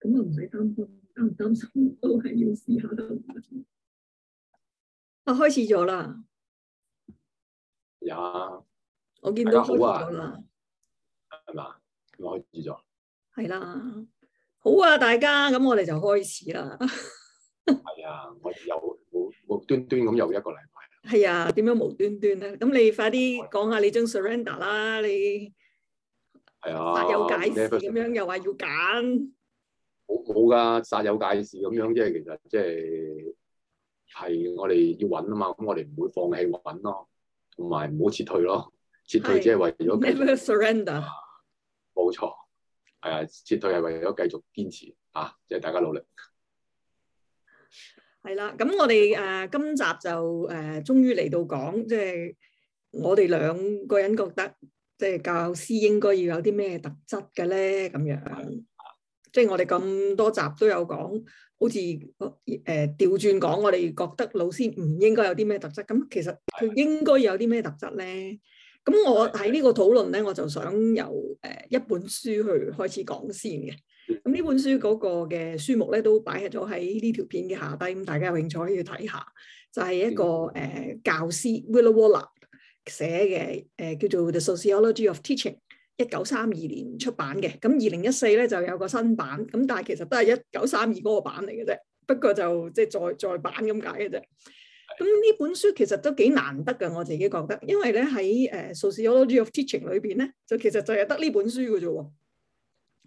咁啊，唔使擔心，擔唔擔心都係要試下得唔得先啊，開始咗啦！有 Yeah, 我見到好、啊、開始咗啦，係嘛？開始咗，係啦，好啊，大家，咁我哋就開始啦。係 啊，我哋又無無端端咁又一個禮拜。係啊，點樣無端端咧？咁你快啲講下你將 surrender 啦，你係啊，有解釋咁樣，的又話要揀。冇冇噶，煞有介事咁樣，即係其實即係係我哋要揾啊嘛，咁我哋唔會放棄揾咯，同埋唔好撤退咯，撤退即係為咗。Never surrender。冇錯，係啊，撤退係為咗繼續堅持啊，即係大家努力。係啦，咁我哋誒、呃、今集就誒、呃、終於嚟到講，即係我哋兩個人覺得，即係教師應該要有啲咩特質嘅咧，咁樣。即係我哋咁多集都有講，好似誒、呃、調轉講，我哋覺得老師唔應該有啲咩特質，咁其實佢應該有啲咩特質咧？咁我喺呢個討論咧，我就想由誒、呃、一本書去開始講先嘅。咁呢本書嗰個嘅書目咧，都擺喺咗喺呢條片嘅下低，咁大家有興趣可以睇下。就係、是、一個誒、呃、教師 Willow Waller 寫嘅誒、呃、叫做 The Sociology of Teaching。一九三二年出版嘅，咁二零一四咧就有個新版，咁但係其實都係一九三二嗰個版嚟嘅啫，不過就即係再再版，咁解嘅啫。咁呢的本書其實都幾難得噶，我自己覺得，因為咧喺誒 sociology of teaching 裏邊咧，就其實就係得呢本書嘅啫。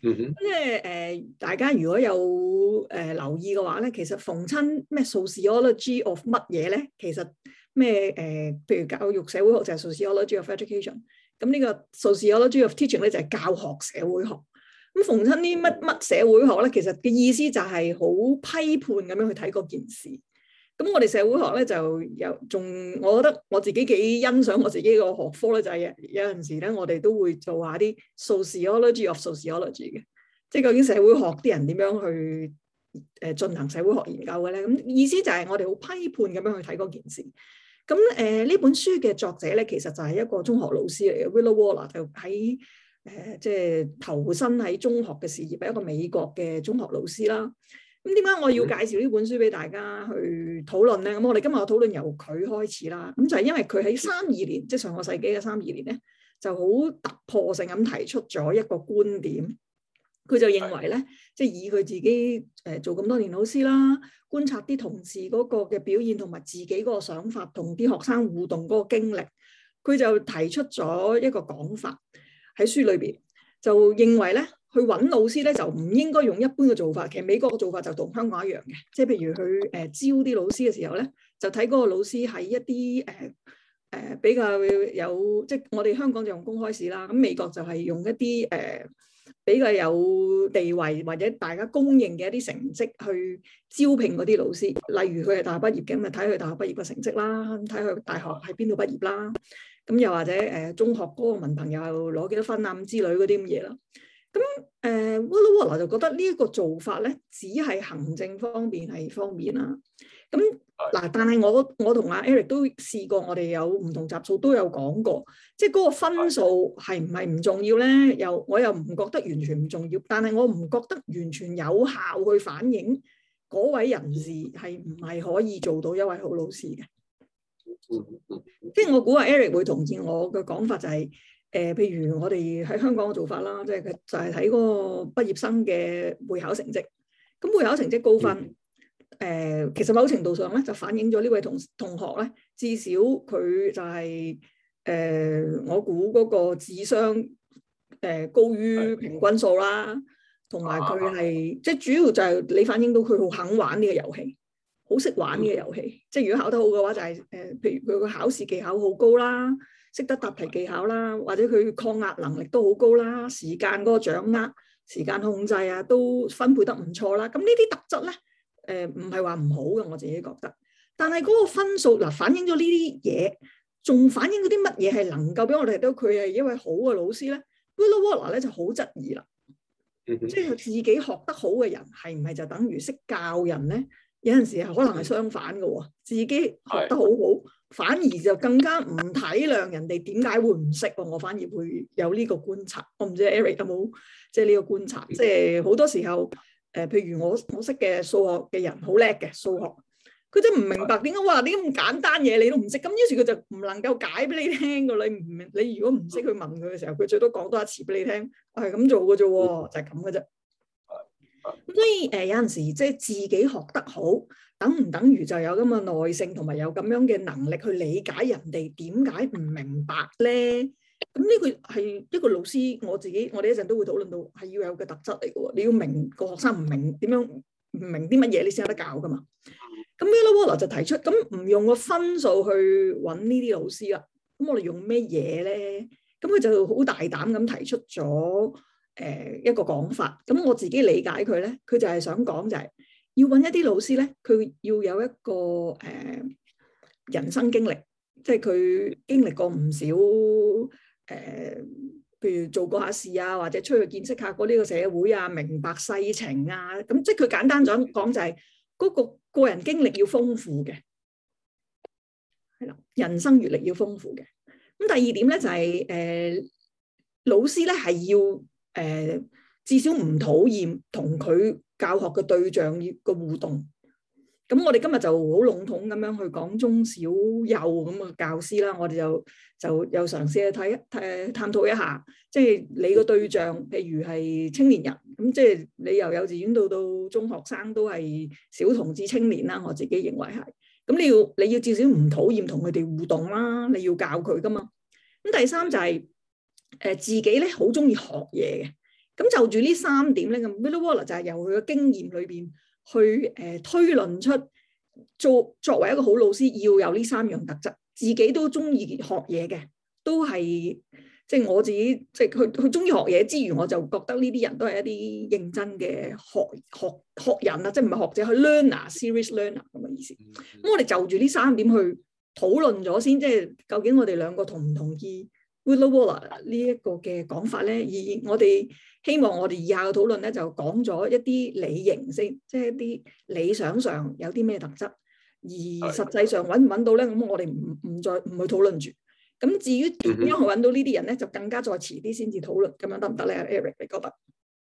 嗯哼，即係誒大家如果有誒、呃、留意嘅話咧，其實逢親咩 sociology of 乜嘢咧，其實咩誒、呃，譬如教育社會學就係、sociology of education。咁呢個 sociology of teaching 咧就係、是、教學社會學，咁逢親啲乜乜社會學咧，其實嘅意思就係好批判咁樣去睇嗰件事。咁我哋社會學咧就有仲，我覺得我自己幾欣賞我自己個學科咧，就係、是、有陣時咧，我哋都會做下啲 sociology of sociology 嘅，即、就、係、是、究竟社會學啲人點樣去誒進行社會學研究嘅咧？咁意思就係我哋好批判咁樣去睇嗰件事。咁誒呢本書嘅作者咧，其實就係一個中學老師嚟嘅 Willow Waller，就喺誒即係投身喺中學嘅事業，係一個美國嘅中學老師啦。咁點解我要介紹呢本書俾大家去討論咧？咁我哋今日嘅討論由佢開始啦。咁就係因為佢喺三二年，即係上個世紀嘅三二年咧，就好突破性咁提出咗一個觀點。佢就認為咧，即係以佢自己誒、呃、做咁多年老師啦，觀察啲同事嗰個嘅表現，同埋自己嗰個想法，同啲學生互動嗰個經歷，佢就提出咗一個講法喺書裏邊，就認為咧，去揾老師咧就唔應該用一般嘅做法。其實美國嘅做法就同香港一樣嘅，即係譬如佢誒、呃、招啲老師嘅時候咧，就睇嗰個老師喺一啲誒誒比較有，即係我哋香港就用公開試啦，咁美國就係用一啲誒。呃比較有地位或者大家公認嘅一啲成績去招聘嗰啲老師，例如佢係大學畢業嘅，咁咪睇佢大學畢業嘅成績啦，咁睇佢大學喺邊度畢業啦，咁又或者誒中學嗰個文憑又攞幾多分啊咁之類嗰啲咁嘢咯。咁誒我就覺得呢一個做法咧，只係行政方面係方便啦。咁嗱，但係我我同阿 Eric 都試過，我哋有唔同集數都有講過，即係嗰個分數係唔係唔重要咧？又我又唔覺得完全唔重要，但係我唔覺得完全有效去反映嗰位人士係唔係可以做到一位好老師嘅。即係我估阿 Eric 會同意我嘅講法，就係誒，譬如我哋喺香港嘅做法啦，即係佢就係睇嗰個畢業生嘅會考成績，咁會考成績高分。嗯誒、呃，其實某程度上咧，就反映咗呢位同同學咧，至少佢就係、是、誒、呃，我估嗰個智商誒、呃、高於平均數啦，同埋佢係即係主要就係你反映到佢好肯玩呢個遊戲，好識玩呢個遊戲。嗯、即係如果考得好嘅話、就是，就係誒，譬如佢個考試技巧好高啦，識得答題技巧啦，或者佢抗壓能力都好高啦，時間嗰個掌握、時間控制啊，都分配得唔錯啦。咁呢啲特質咧。誒，唔係話唔好嘅，我自己覺得。但係嗰個分數嗱、啊，反映咗呢啲嘢，仲反映嗰啲乜嘢係能夠俾我哋到。佢係一位好嘅老師咧。Willow Waller 咧就好質疑啦，即係自己學得好嘅人係唔係就等於識教人咧？有陣時係可能係相反嘅、哦，自己學得好好，的反而就更加唔體諒人哋點解會唔識。我反而會有呢個觀察。我唔知 Eric 有冇即係呢個觀察，即係好多時候。誒，譬如我我識嘅數學嘅人好叻嘅數學，佢真係唔明白點解哇啲咁簡單嘢你都唔識，咁於是佢就唔能夠解俾你聽㗎。你唔明，你如果唔識去問佢嘅時候，佢最多講多一次俾你聽，啊，係咁做嘅啫，就係咁嘅啫。咁所以誒，呃，有陣時即係自己學得好，等唔等於就有咁嘅耐性同埋有咁樣嘅能力去理解人哋點解唔明白咧？咁呢個係一個老師，我自己我哋一陣都會討論到係要有嘅特質嚟嘅喎。你要明個學生唔明點樣唔明啲乜嘢，你先有得教噶嘛。咁 Miller Wall 就提出咁唔用個分數去揾呢啲老師啦。咁我哋用咩嘢咧？咁佢就好大膽咁提出咗誒、呃、一個講法。咁我自己理解佢咧，佢就係想講就係、是、要揾一啲老師咧，佢要有一個誒、呃、人生經歷，即係佢經歷過唔少。誒，譬、呃、如做過下事啊，或者出去見識下嗰呢個社會啊，明白世情啊，咁、嗯、即係佢簡單想講就係、是、嗰、那個個人經歷要豐富嘅，係啦，人生閱歷要豐富嘅。咁、嗯、第二點咧就係、是、誒、呃，老師咧係要誒、呃、至少唔討厭同佢教學嘅對象嘅互動。咁我哋今日就好籠統咁樣去講中小幼咁嘅教師啦，我哋就就又嘗試去睇誒探討一下，即係你個對象，譬如係青年人，咁即係你由幼稚園到到中學生都係小童至青年啦，我自己認為係。咁你要你要至少唔討厭同佢哋互動啦，你要教佢噶嘛。咁第三就係、是、誒、呃、自己咧好中意學嘢嘅。咁就住呢三點咧，咁 Middlewar 就係由佢嘅經驗裏邊，去誒、呃、推論出做作為一個好老師要有呢三樣特質，自己都中意學嘢嘅，都係即係我自己，即係佢佢中意學嘢之餘，我就覺得呢啲人都係一啲認真嘅學學學人啦，即係唔係學者去 learner serious learner 咁嘅意思。咁、嗯嗯、我哋就住呢三點去討論咗先，即係究竟我哋兩個同唔同意？Wooden Waller 呢一個嘅講法咧，而我哋希望我哋以下嘅討論咧，就講咗一啲理型先，即係一啲理想上有啲咩特質，而實際上揾唔揾到咧，咁我哋唔唔再唔去討論住。咁至於點樣去揾到呢啲人咧，就更加再遲啲先至討論，咁樣得唔得咧？Eric，你覺得？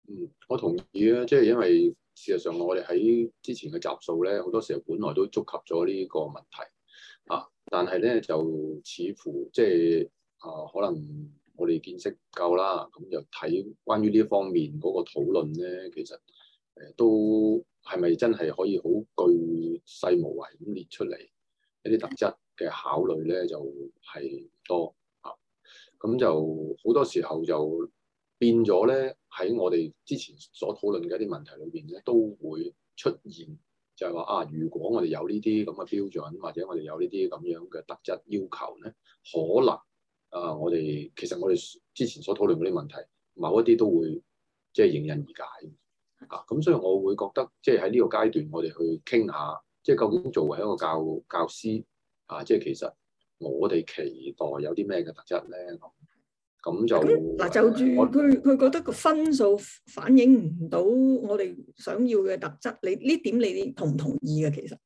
嗯，我同意啊，即係因為事實上我哋喺之前嘅集數咧，好多時候本來都觸及咗呢個問題啊，但係咧就似乎即係。就是啊，可能我哋見識夠啦，咁就睇關於呢一方面嗰個討論咧，其實誒、呃、都係咪真係可以好巨細無遺咁列出嚟一啲特質嘅考慮咧？就係、是、多啊，咁就好多時候就變咗咧，喺我哋之前所討論嘅一啲問題裏邊咧，都會出現就係話啊，如果我哋有呢啲咁嘅標準，或者我哋有呢啲咁樣嘅特質要求咧，可能。啊！我哋其實我哋之前所討論嗰啲問題，某一啲都會即係迎刃而解啊！咁所以我會覺得，即係喺呢個階段，我哋去傾下，即係究竟作為一個教教師啊，即係其實我哋期待有啲咩嘅特質咧？咁、啊、就嗱，就住佢佢覺得個分數反映唔到我哋想要嘅特質，你呢點你哋同唔同意嘅其實？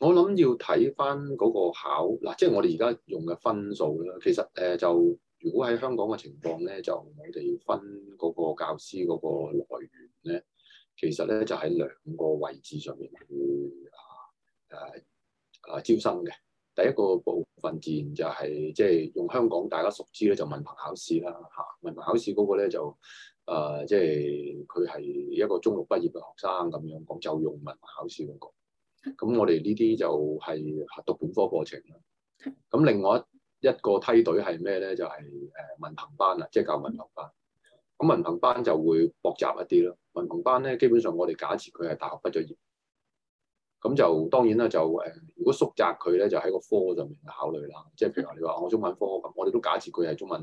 我諗要睇翻嗰個考嗱，即係我哋而家用嘅分數啦。其實誒就，如果喺香港嘅情況咧，就我哋要分嗰個教師嗰個來源咧，其實咧就喺、是、兩個位置上面去啊誒啊招生嘅。第一個部分自然就係即係用香港大家熟知咧，就文憑考試啦嚇、啊。文憑考試嗰個咧就誒，即係佢係一個中六畢業嘅學生咁樣講，就用文憑考試嗰、那個。咁我哋呢啲就係讀本科課程啦。咁另外一個梯隊係咩咧？就係誒文憑班啦，即係教文憑班。咁文憑班就會駁雜一啲咯。文憑班咧，基本上我哋假設佢係大學畢業，咁就當然啦，就誒如果縮窄佢咧，就喺個科上面考慮啦。即係譬如話你話我中文科咁，我哋都假設佢係中文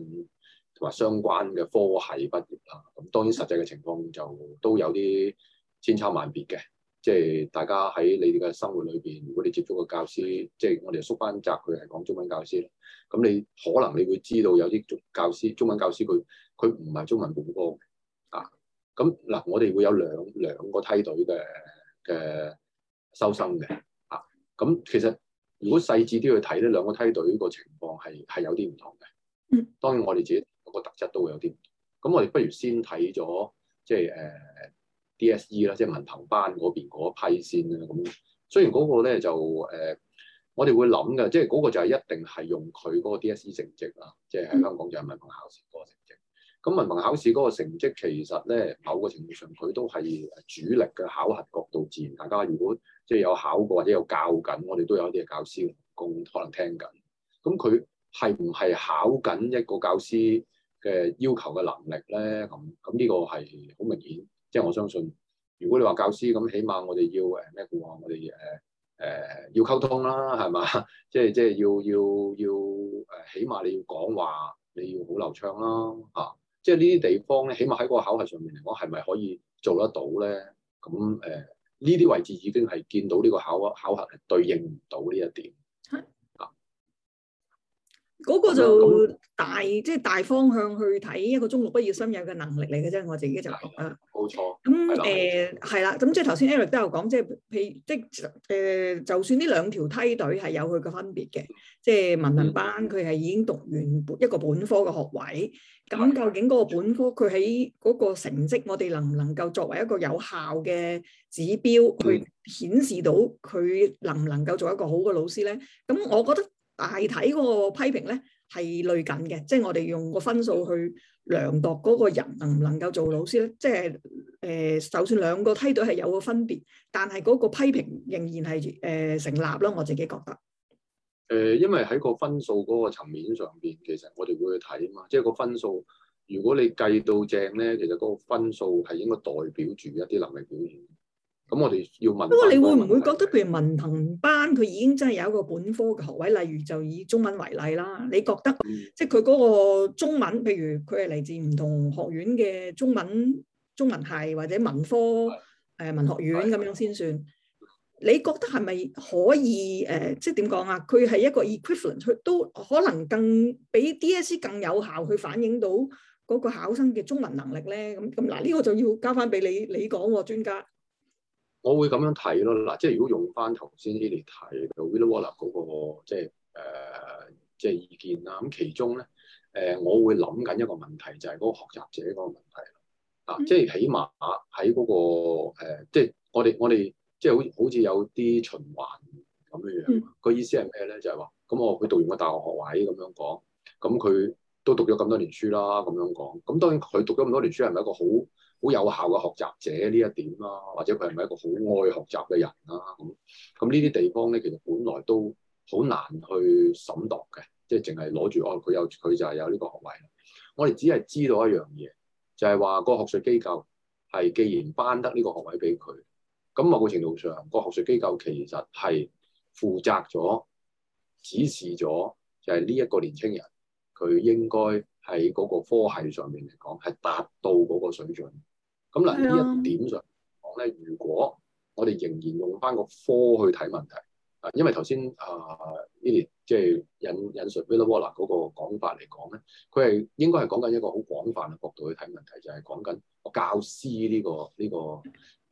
同埋相關嘅科系畢業啦。咁當然實際嘅情況就都有啲千差萬別嘅。即係大家喺你哋嘅生活裏邊，如果你接觸個教師，即係我哋縮返窄，佢係講中文教師。咁你可能你會知道有啲中教師、中文教師，佢佢唔係中文本科嘅啊。咁嗱、啊，我哋會有兩兩個梯隊嘅嘅收心嘅啊。咁其實如果細緻啲去睇呢兩個梯隊個情況係係有啲唔同嘅。嗯。當然我哋自己個特質都會有啲唔同。咁我哋不如先睇咗，即係誒。呃 DSE 啦，SE，即係文憑班嗰邊嗰一批先啦。咁雖然嗰個咧就誒、呃，我哋會諗嘅，即係嗰個就係一定係用佢嗰個 DSE 成績喇。即係喺香港就係文憑考試嗰個成績。咁文憑考試嗰個成績其實咧，某個程度上佢都係主力嘅考核角度。自然大家如果即係有考過或者有教緊，我哋都有一啲嘅教師同工可能聽緊。咁佢係唔係考緊一個教師嘅要求嘅能力咧？咁咁呢個係好明顯。即係我相信，如果你話教師咁，起碼我哋要誒咩話？我哋誒誒要溝通啦，係嘛？即係即係要要要誒，起碼你要講話，你要好流暢啦嚇、啊。即係呢啲地方咧，起碼喺個考核上面嚟講，係咪可以做得到咧？咁誒，呢、呃、啲位置已經係見到呢個考考核係對應唔到呢一點。嗰個就大，即係、嗯、大方向去睇一個中六畢業生有嘅能力嚟嘅啫。我自己就覺得冇錯。咁誒係啦，咁即係頭先 Eric 都有講，即係譬即係、呃、就算呢兩條梯隊係有佢嘅分別嘅，即係文憑班佢係、嗯、已經讀完一個本科嘅學位。咁、嗯、究竟嗰個本科佢喺嗰個成績，我哋能唔能夠作為一個有效嘅指標去顯示到佢能唔能夠做一個好嘅老師咧？咁我覺得。大體嗰個批評咧係類近嘅，即係我哋用個分數去量度嗰個人能唔能夠做老師咧，即係誒、呃，就算兩個梯隊係有個分別，但係嗰個批評仍然係誒、呃、成立咯，我自己覺得。誒、呃，因為喺個分數嗰個層面上邊，其實我哋會去睇啊嘛，即係個分數，如果你計到正咧，其實嗰個分數係應該代表住一啲能力表現。咁我哋要問，不過你會唔會覺得，譬如文憑班，佢已經真係有一個本科嘅學位？例如就以中文為例啦，你覺得即係佢嗰個中文，譬如佢係嚟自唔同學院嘅中文中文系或者文科誒文學院咁樣先算？你覺得係咪可以誒？即係點講啊？佢係一個 equivalent，佢都可能更比 DSE 更有效去反映到嗰個考生嘅中文能力咧？咁咁，嗱，呢個就要交翻俾你你講喎，專家。我會咁樣睇咯，嗱，即係如果用翻頭先啲嚟睇，就 Willow Waller 嗰個即係誒即係意見啦。咁其中咧，誒、呃、我會諗緊一個問題，就係、是、嗰個學習者嗰個問題啦。啊，即係起碼喺嗰、那個、呃、即係我哋我哋即係好似好似有啲循環咁樣樣。個、嗯、意思係咩咧？就係、是、話，咁我佢讀完個大學學位咁樣講，咁、嗯、佢都讀咗咁多年書啦，咁樣講。咁當然佢讀咗咁多年書係咪、嗯、一個好？好有效嘅學習者呢一點啦、啊，或者佢係咪一個好愛學習嘅人啦、啊？咁咁呢啲地方咧，其實本來都好難去審度嘅，即係淨係攞住哦，佢有佢就係有呢個學位。我哋只係知道一樣嘢，就係、是、話個學術機構係既然頒得呢個學位俾佢，咁某個程度上，個學術機構其實係負責咗指示咗，就係呢一個年輕人佢應該。喺嗰個科系上面嚟講，係達到嗰個水準。咁嗱，呢一點上講咧，如果我哋仍然用返個科去睇問題，啊，因為頭先啊 l i a n 即係引引述 Billard 嗰個講法嚟講咧，佢係應該係講緊一個好廣泛嘅角度去睇問題，就係講緊教師呢、呢個呢、呢個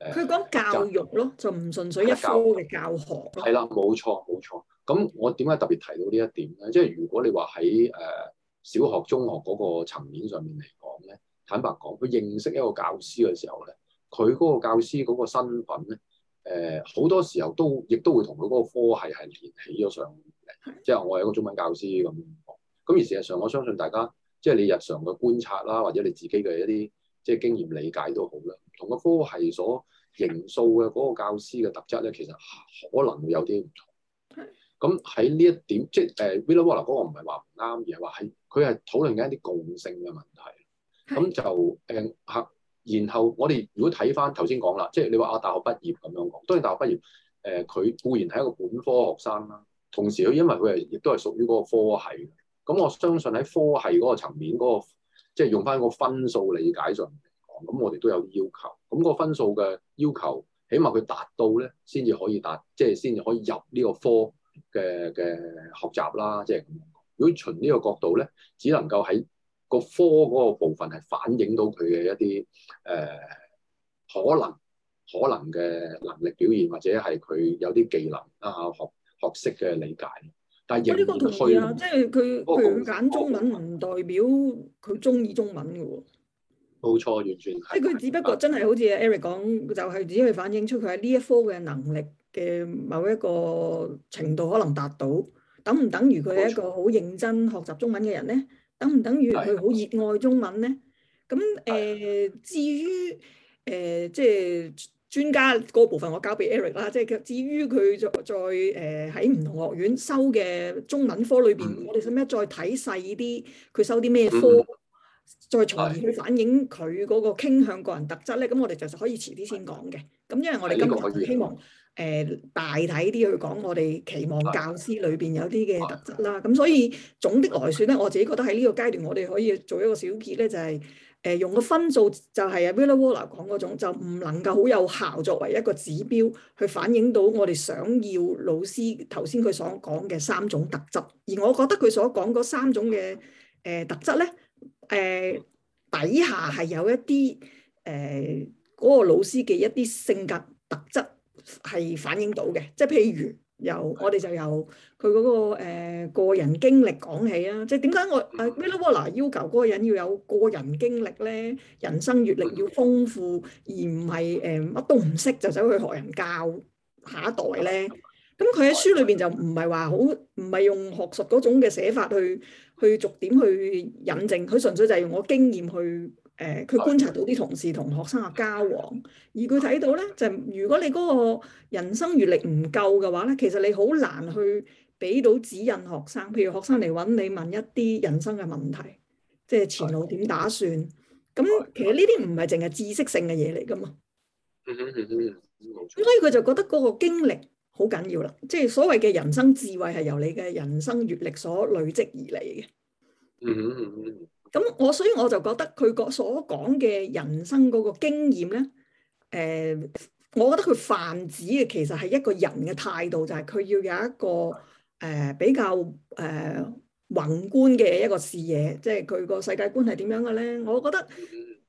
誒。佢講教育咯，就唔純粹一科嘅教學。係啦，冇錯冇錯。咁我點解特別提到呢一點咧？即係如果你話喺誒。呃小學、中學嗰個層面上面嚟講咧，坦白講，佢認識一個教師嘅時候咧，佢嗰個教師嗰個身份咧，誒、呃、好多時候都亦都會同佢嗰個科系係連起咗上嚟，即係我係一個中文教師咁。咁而事實上，我相信大家即係你日常嘅觀察啦，或者你自己嘅一啲即係經驗理解都好啦，同個科系所形塑嘅嗰個教師嘅特質咧，其實可能會有啲唔同。咁喺呢一點，即係誒 Willow Wall 嗰個唔係話唔啱，而係話喺佢係討論緊一啲共性嘅問題。咁的就誒嚇，然後我哋如果睇翻頭先講啦，即、就、係、是、你話啊，大學畢業咁樣講，當然大學畢業誒，佢、呃、固然係一個本科學生啦，同時佢因為佢係亦都係屬於嗰個科系。咁我相信喺科系嗰個層面、那個，嗰個即係用翻個分數理解上嚟講，咁我哋都有要求。咁個分數嘅要求，起碼佢達到咧，先至可以達，即係先至可以入呢個科。嘅嘅學習啦，即係咁樣。如果循呢個角度咧，只能夠喺個科嗰個部分係反映到佢嘅一啲誒、呃、可能可能嘅能力表現，或者係佢有啲技能啊學學識嘅理解。但係我呢個同意啊，即係佢佢揀中文唔代表佢中意中文嘅喎。冇錯，完全係。即係佢只不過真係好似 Eric 講，就係、是、只係反映出佢喺呢一科嘅能力。嘅某一個程度可能達到，等唔等於佢係一個好認真學習中文嘅人咧？等唔等於佢好熱愛中文咧？咁誒、呃，至於誒、呃、即係專家嗰部分，我交俾 Eric 啦。即係佢至於佢再再誒喺唔同學院收嘅中文科裏邊，嗯、我哋使咩？嗯、再睇細啲佢收啲咩科，再從而去反映佢嗰個傾向個人特質咧？咁我哋就實可以遲啲先講嘅。咁因為我哋今日希望。誒、呃、大體啲去講，我哋期望教師裏邊有啲嘅特質啦。咁所以總的來說咧，我自己覺得喺呢個階段，我哋可以做一個小結咧，就係、是、誒、呃、用個分數就係啊 Willow Wall 講嗰種，就唔能夠好有效作為一個指標去反映到我哋想要老師頭先佢所講嘅三種特質。而我覺得佢所講嗰三種嘅誒、呃、特質咧，誒、呃、底下係有一啲誒嗰個老師嘅一啲性格特質。係反映到嘅，即係譬如由我哋就由佢嗰個誒、呃、個人經歷講起啊！即係點解我誒 Willow Waller 要求嗰個人要有個人經歷咧，人生閲歷要豐富，而唔係誒乜都唔識就走去學人教下一代咧？咁佢喺書裏邊就唔係話好，唔係用學術嗰種嘅寫法去去逐點去引證，佢純粹就係用我經驗去。誒，佢、呃、觀察到啲同事同學生嘅交往，而佢睇到咧，就係、如果你嗰個人生閲歷唔夠嘅話咧，其實你好難去俾到指引學生，譬如學生嚟揾你問一啲人生嘅問題，即係前路點打算。咁的其實呢啲唔係淨係知識性嘅嘢嚟噶嘛。咁所以佢就覺得嗰個經歷好緊要啦，即、就、係、係、所謂嘅人生智慧係由你嘅人生閲歷所累積而嚟嘅、嗯。嗯。嗯。咁我所以我就覺得佢所講嘅人生嗰個經驗咧，誒、呃，我覺得佢泛指嘅其實係一個人嘅態度，就係、是、佢要有一個誒、呃、比較誒、呃、宏觀嘅一個視野，即係佢個世界觀係點樣嘅咧？我覺得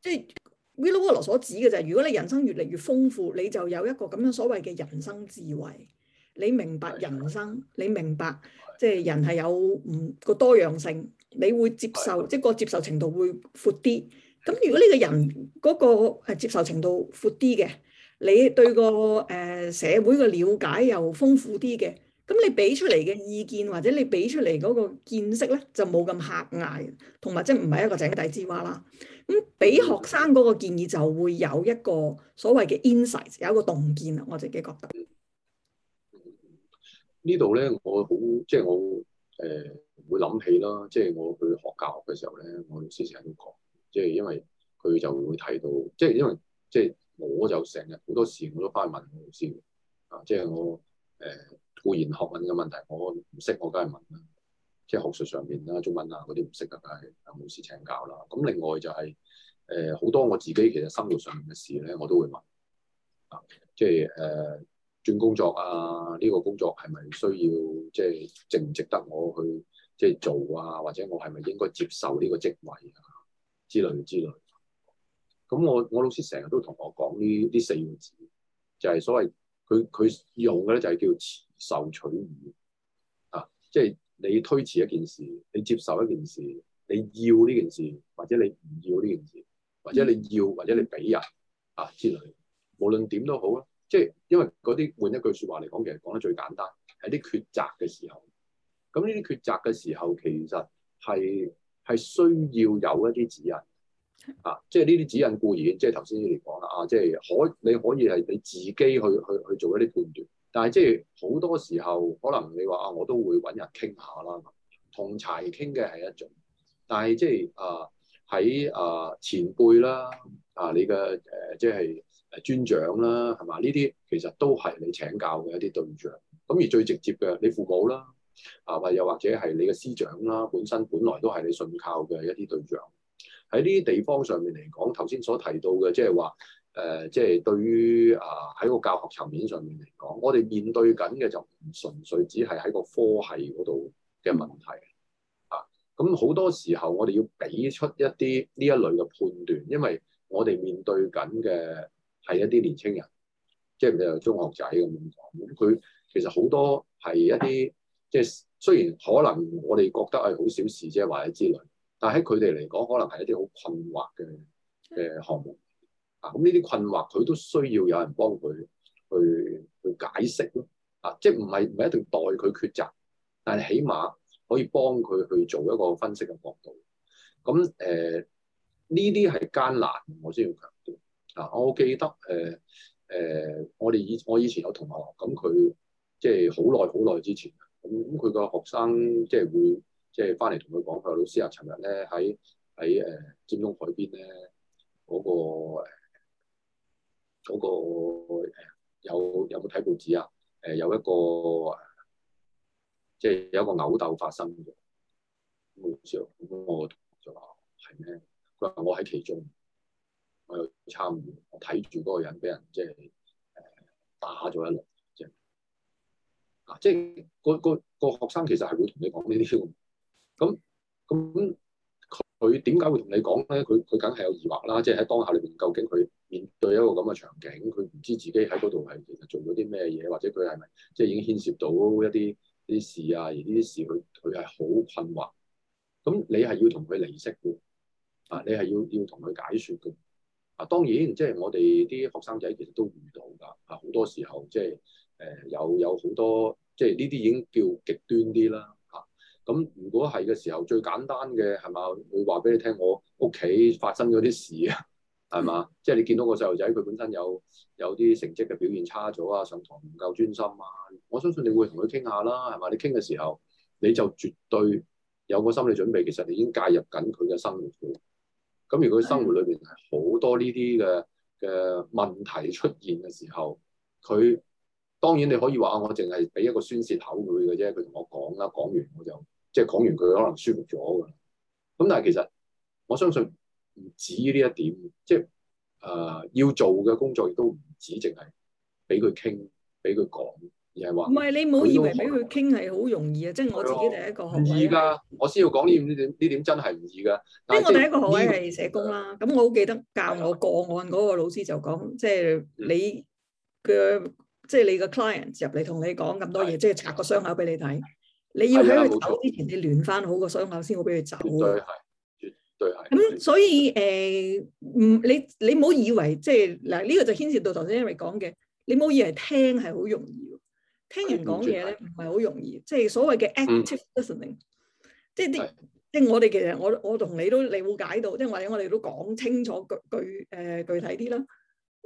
即係 Willow Wall 所指嘅就啫、是。如果你人生越嚟越豐富，你就有一個咁樣所謂嘅人生智慧，你明白人生，你明白即係人係有唔個多樣性。你會接受，即係個接受程度會闊啲。咁如果呢個人嗰個誒接受程度闊啲嘅，你對個誒社會嘅了解又豐富啲嘅，咁你俾出嚟嘅意見或者你俾出嚟嗰個見識咧，就冇咁狹隘，同埋即係唔係一個井底之蛙啦。咁俾學生嗰個建議就會有一個所謂嘅 insight，有一個洞見啦。我自己覺得呢度咧，我好即係我誒。就是會諗起咯，即係我去學教學嘅時候咧，我老師成日都講，即係因為佢就會睇到，即係因為即係我就成日好多時我都翻去問老師啊，即係我誒、呃、固然學問嘅問題，我唔識我梗係問啦，即係學術上面啦、中文啊嗰啲唔識嘅梗係有老師請教啦。咁另外就係誒好多我自己其實生活上面嘅事咧，我都會問啊，即係誒、呃、轉工作啊，呢、呢個工作係咪需要，即係值唔值得我去？即係做啊，或者我係咪應該接受呢個職位啊之類之類。咁我我老師成日都同我講呢啲四個字，就係所謂佢佢用嘅咧，就係叫受取義啊。即係你推遲一件事，你接受一件事，你要呢件事，或者你唔要呢件事，或者你要或者你俾人啊之類，無論點都好啦。即係因為嗰啲換一句説話嚟講，其實講得最簡單，喺啲抉擇嘅時候。咁呢啲抉擇嘅時候，其實係係需要有一啲指引啊，即係呢啲指引固然，即係頭先你講啦啊，即係可你可以係你自己去去去做一啲判斷，但係即係好多時候可能你話啊，我都會揾人傾下啦，同儕傾嘅係一種，但係即係啊喺啊前輩啦啊你嘅誒、啊、即係誒尊長啦，係嘛，呢啲其實都係你請教嘅一啲對象，咁而最直接嘅你父母啦。啊，或又或者係你嘅師長啦，本身本來都係你信靠嘅一啲對象。喺呢啲地方上面嚟講，頭先所提到嘅，即係話誒，即係對於啊喺個教學層面上面嚟講，我哋面對緊嘅就唔純粹只係喺個科系嗰度嘅問題啊。咁好多時候我哋要俾出一啲呢一類嘅判斷，因為我哋面對緊嘅係一啲年青人，即係你話中學仔咁講，咁佢其實好多係一啲。即係雖然可能我哋覺得係好小事啫，或者之類，但喺佢哋嚟講，可能係一啲好困惑嘅嘅項目啊。咁呢啲困惑佢都需要有人幫佢去去解釋咯啊。即係唔係唔係一定代佢抉擇，但係起碼可以幫佢去做一個分析嘅角度。咁誒呢啲係艱難，我先要強調啊。我記得誒誒，我哋以我以前有同學咁，佢即係好耐好耐之前。咁佢個學生即係會即係翻嚟同佢講，佢話老師啊，尋日咧喺喺誒尖東海邊咧嗰、那個嗰、呃那個、呃、有有冇睇報紙啊？誒、呃、有一個、呃、即係有一個毆鬥發生嘅，冇事。咁我就話係咩？佢話我喺其中，我又參與，我睇住嗰個人俾人即係誒、呃、打咗一輪。嗱，即係個個個學生其實係會同你講呢啲咁，咁佢點解會同你講咧？佢佢梗係有疑惑啦，即係喺當下裏邊，究竟佢面對一個咁嘅場景，佢唔知自己喺嗰度係其實做咗啲咩嘢，或者佢係咪即係已經牽涉到一啲啲事啊？而呢啲事佢佢係好困惑。咁你係要同佢釐釋嘅，啊，你係要要同佢解説嘅。啊，當然即係我哋啲學生仔其實都遇到㗎，啊，好多時候即係。誒、呃，有有好多，即係呢啲已經叫極端啲啦，吓、啊、咁如果係嘅時候，最簡單嘅係嘛，我會話俾你聽，我屋企發生咗啲事啊，係嘛， 即係你見到個細路仔佢本身有有啲成績嘅表現差咗啊，上堂唔夠專心啊，我相信你會同佢傾下啦，係嘛，你傾嘅時候你就絕對有個心理準備，其實你已經介入緊佢嘅生活嘅，咁如果生活裏邊係好多呢啲嘅嘅問題出現嘅時候，佢。當然你可以話我淨係俾一個宣泄口佢嘅啫。佢同我講啦，講完我就即係講完佢可能舒服咗㗎。咁但係其實我相信唔止呢一點，即係誒、呃、要做嘅工作亦都唔止淨係俾佢傾、俾佢講，而係話唔係你唔好以為俾佢傾係好容易啊！即係的我自己第一個學位，唔易㗎。我先要講呢點呢點，呢點真係唔易㗎。因為我第一個學位係社工啦。咁、呃、我好記得教我個案嗰個老師就講，即係你嘅。嗯嗯。即係你個 client 入嚟同你講咁多嘢，的即係拆個傷口俾你睇。你要喺佢走之前，錯你聯翻好個傷口先會俾佢走。絕對係，絕對係。咁、嗯、所以誒，唔、呃、你你唔好以為即係嗱，呢、這個就牽涉到頭先 Eric 講嘅。你唔好以為聽係好容易，聽人講嘢咧唔係好容易。即係所謂嘅 active listening，、嗯、即係啲的即係我哋其實我我同你都理會解到，即係或者我哋都講清楚具具誒、呃、具體啲啦。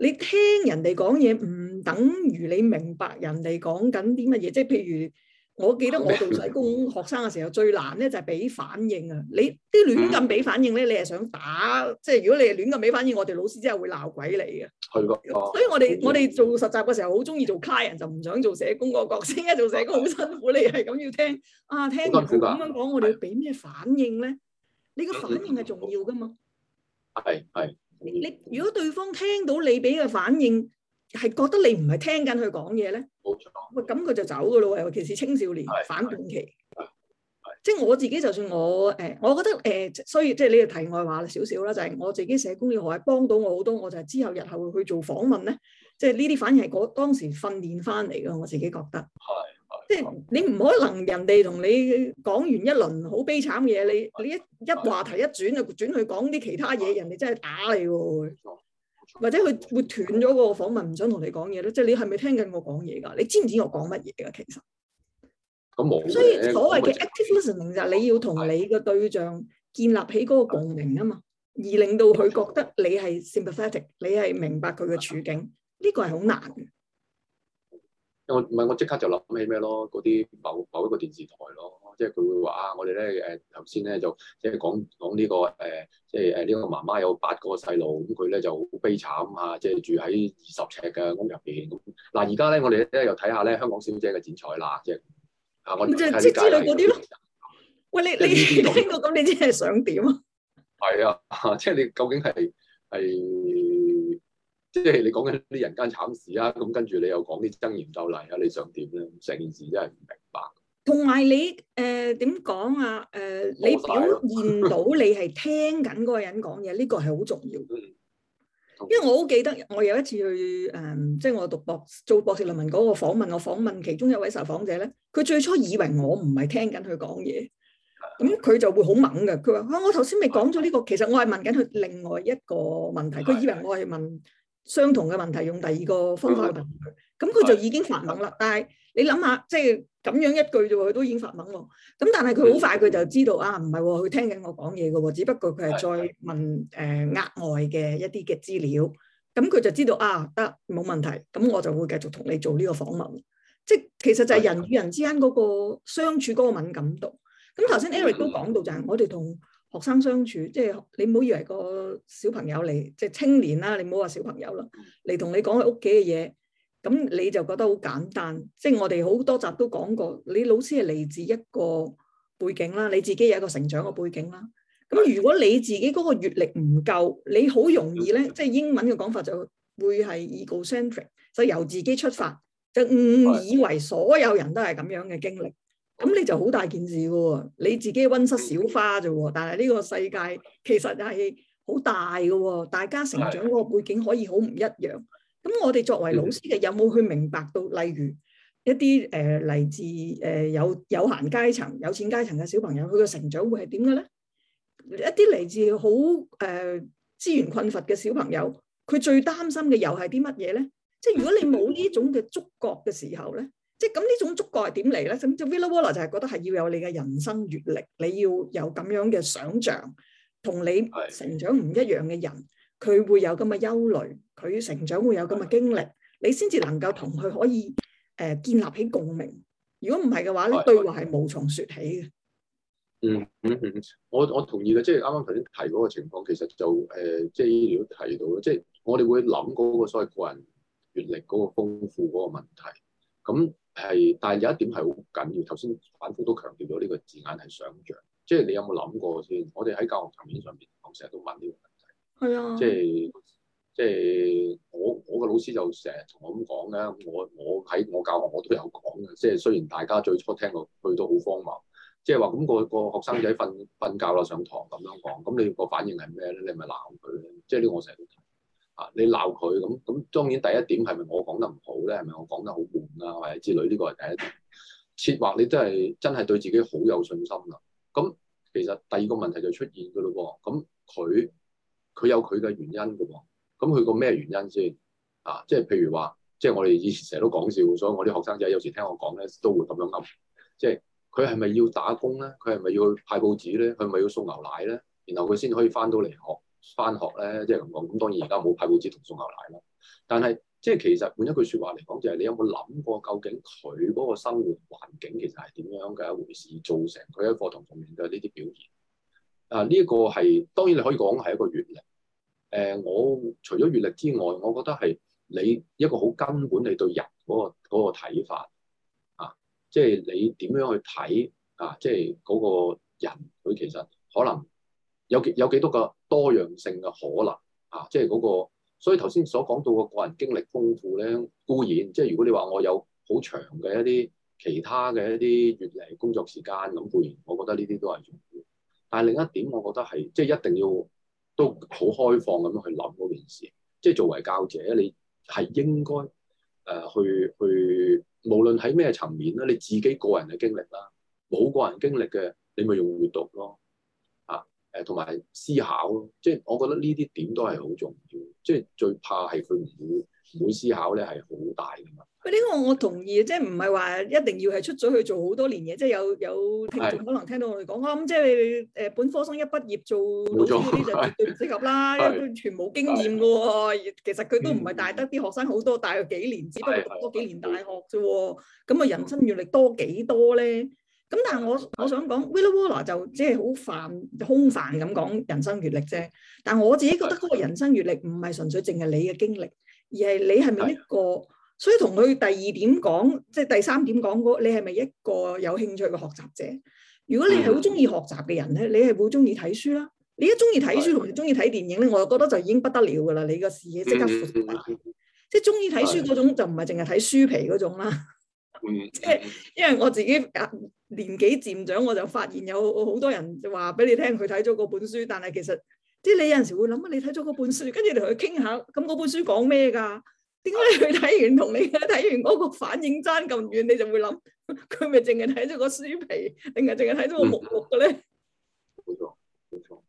你聽人哋講嘢唔等於你明白人哋講緊啲乜嘢，即係譬如我記得我做社工學生嘅時候最難咧就係、是、俾反應啊！你啲亂咁俾反應咧，你係想打？嗯、即係如果你係亂咁俾反應，我哋老師真係會鬧鬼你嘅。係㗎，哦、所以我哋的我哋做實習嘅時候好中意做卡人，就唔想做社工個角色，因為做社工好辛苦，你係咁要聽啊，聽人咁樣講，我哋要俾咩反應咧？你個反應係重要㗎嘛？係係。你如果對方聽到你俾嘅反應，係覺得你唔係聽緊佢講嘢咧，冇錯。咁佢就走噶咯喎，尤其是青少年係，反叛期。即係我自己，就算我誒，我覺得誒、呃，所以即係呢個題外話少少啦，就係、是、我自己社工呢行幫到我好多，我就係之後日後會去做訪問咧，即係呢啲反應係嗰當時訓練翻嚟嘅，我自己覺得。係。即係你唔可能人哋同你講完一輪好悲慘嘢，你你一一話題一轉就轉去講啲其他嘢，人哋真係打你噶，或者佢會斷咗個訪問，唔想同你講嘢咧。即係你係咪聽緊我講嘢噶？你知唔知我講乜嘢噶？其實咁冇，所以所謂嘅 active listening 就係你要同你嘅對象建立起嗰個共鳴啊嘛，而令到佢覺得你係 sympathetic，你係明白佢嘅處境，呢個係好難。唔係，我即刻就諗起咩咯？嗰啲某某一個電視台咯，即係佢會話啊，我哋咧誒頭先咧就即係講講呢、呢個誒、呃，即係誒呢個媽媽有八個細路，咁佢咧就好悲慘啊。即係住喺二十尺嘅屋入邊。咁、啊、嗱，而家咧我哋咧又睇下咧香港小姐嘅剪彩啦，即係啊，我哋即係之類嗰啲咯。喂，你你聽過咁，你即係想點啊？係啊，即係你究竟係係。即係你講緊啲人間慘事啊，咁跟住你又講啲爭言鬥利啊，你想點咧？成件事真係唔明白。同埋你誒，點講啊？誒，你表現到你係聽緊嗰個人講嘢，呢個係好重要。因為我好記得，我有一次去誒，即係我讀博做博士論文嗰個訪問，我訪問其中一位受訪者咧，佢最初以為我唔係聽緊佢講嘢，咁佢就會好猛㗎。佢話：我頭先未講咗呢個，其實我係問緊佢另外一個問題。佢以為我係問。相同嘅問題用第二個方法問佢，咁佢、嗯、就已經發懵啦。嗯、但係你諗下，即係咁樣一句啫喎，佢都已經發懵喎。咁但係佢好快佢就知道、嗯、啊，唔係喎，佢聽緊我講嘢嘅喎。只不過佢係再問誒、嗯呃、額外嘅一啲嘅資料，咁佢就知道啊，得冇問題。咁我就會繼續同你做呢個訪問。即係其實就係人與人之間嗰個相處嗰個敏感度。咁頭先 Eric 都講到就係我哋同。學生相處，即係你唔好以為個小朋友嚟，即係青年啦，你唔好話小朋友啦，嚟同你講佢屋企嘅嘢，咁你就覺得好簡單。即係我哋好多集都講過，你老師係嚟自一個背景啦，你自己有一個成長嘅背景啦。咁如果你自己嗰個閲歷唔夠，你好容易咧，即係英文嘅講法就會係 egocentric，就由自己出發，就誤以為所有人都係咁樣嘅經歷。咁你就好大件事㗎喎，你自己温室小花啫喎，但係呢個世界其實係好大嘅喎，大家成長嗰個背景可以好唔一樣。咁我哋作為老師嘅，有冇去明白到，例如一啲誒嚟自誒、呃、有有閒階層、有錢階層嘅小朋友，佢嘅成長會係點嘅咧？一啲嚟自好誒、呃、資源困乏嘅小朋友，佢最擔心嘅又係啲乜嘢咧？即係如果你冇呢種嘅觸覺嘅時候咧？即係咁，呢種觸覺係點嚟咧？就 Villa Waller 就係覺得係要有你嘅人生閲歷，你要有咁樣嘅想像，同你成長唔一樣嘅人，佢的會有咁嘅憂慮，佢成長會有咁嘅經歷，的你先至能夠同佢可以誒、呃、建立起共鳴。如果唔係嘅話咧，的對話係無從説起嘅。嗯嗯嗯，我我同意嘅，即係啱啱頭先提嗰個情況，其實就誒，即係醫療提到，即、就、係、是、我哋會諗嗰個所謂個人閲歷嗰個豐富嗰個問題，咁。係，但係有一點係好緊要。頭先反覆都強調咗呢個字眼係想像，即係你有冇諗過先？我哋喺教學層面上面，我成日都問呢個問題。係啊的，即係即係我我個老師就成日同我咁講咧。我我喺我教學我都有講嘅，即係雖然大家最初聽落去都好荒謬，即係話咁個、個學生仔瞓瞓覺啦，上堂咁樣講，咁你個反應係咩咧？你咪鬧佢咧。即係呢個我成日都。你鬧佢咁咁，當然第一點係咪我講得唔好咧？係咪我講得好悶啊？或者之類，呢個係第一點。設劃你都係真係對自己好有信心啦。咁其實第二個問題就出現嘅咯喎。咁佢佢有佢嘅原因嘅喎。咁佢個咩原因先？啊，即係譬如話，即係我哋以前成日都講笑，所以我啲學生仔有時聽我講咧，都會咁樣噏。即係佢係咪要打工咧？佢係咪要派報紙咧？佢係咪要送牛奶咧？然後佢先可以翻到嚟學。返學咧，即係咁講，咁當然而家冇派報紙同送牛奶啦。但係即係其實換一句說話嚟講，就係、是、你有冇諗過，究竟佢嗰個生活環境其實係點樣嘅一回事，造成佢喺課堂上面嘅呢啲表現？啊，呢、這、一個係當然你可以講係一個閲歷。誒、呃，我除咗閲歷之外，我覺得係你一個好根本，你對人嗰、那個、那個睇法啊，即、就、係、是、你點樣去睇啊，即係嗰個人佢其實可能有幾有幾多個。多樣性嘅可能啊，即係嗰、嗰個，所以頭先所講到個個人經歷豐富咧，固然，即係如果你話我有好長嘅一啲其他嘅一啲越嚟工作時間咁，固然，我覺得呢啲都係重要。但係另一點，我覺得係即係一定要都好開放咁樣去諗嗰件事，即係作為教者，你係應該誒、呃、去去，無論喺咩層面啦，你自己個人嘅經歷啦，冇個人經歷嘅，你咪用閲讀咯。誒同埋思考咯，即係我覺得呢啲點都係好重要，即係最怕係佢唔會唔、嗯、會思考咧，係好大噶嘛。佢呢個我同意，即係唔係話一定要係出咗去做好多年嘢，即係有有聽眾可能聽到我哋講是啊，咁即你誒本科生一畢業做老師嗰啲就絕對唔適合啦，錯因為完全冇經驗嘅喎。是嗯、其實佢都唔係大得啲學生好多，大約幾年，只不過讀多幾年大學啫喎。咁啊，人生閲歷多幾多咧？咁但係我我想講 Willow Waller，就即係好泛空泛咁講人生閲歷啫。但係我自己覺得嗰個人生閲歷唔係純粹淨係你嘅經歷，而係你係咪一個？的所以同佢第二點講，即係第三點講嗰，你係咪一個有興趣嘅學習者？如果你係好中意學習嘅人咧，的你係會中意睇書啦。你一中意睇書同埋中意睇電影咧，的我就覺得就已經不得了㗎啦！你個視野即刻闊大啲。即係中意睇書嗰種的就唔係淨係睇書皮嗰種啦。即係，因為我自己年紀漸長，我就發現有好多人就話俾你聽佢睇咗嗰本書，但係其實即係、就是、你有陣時會諗啊，你睇咗嗰本書，跟住同佢傾下，咁嗰本書講咩噶？點解你去睇完同你睇完嗰個反應爭咁遠？你就會諗，佢咪淨係睇咗個書皮是是個，定係淨係睇咗個目錄嘅咧？冇 錯樂，冇錯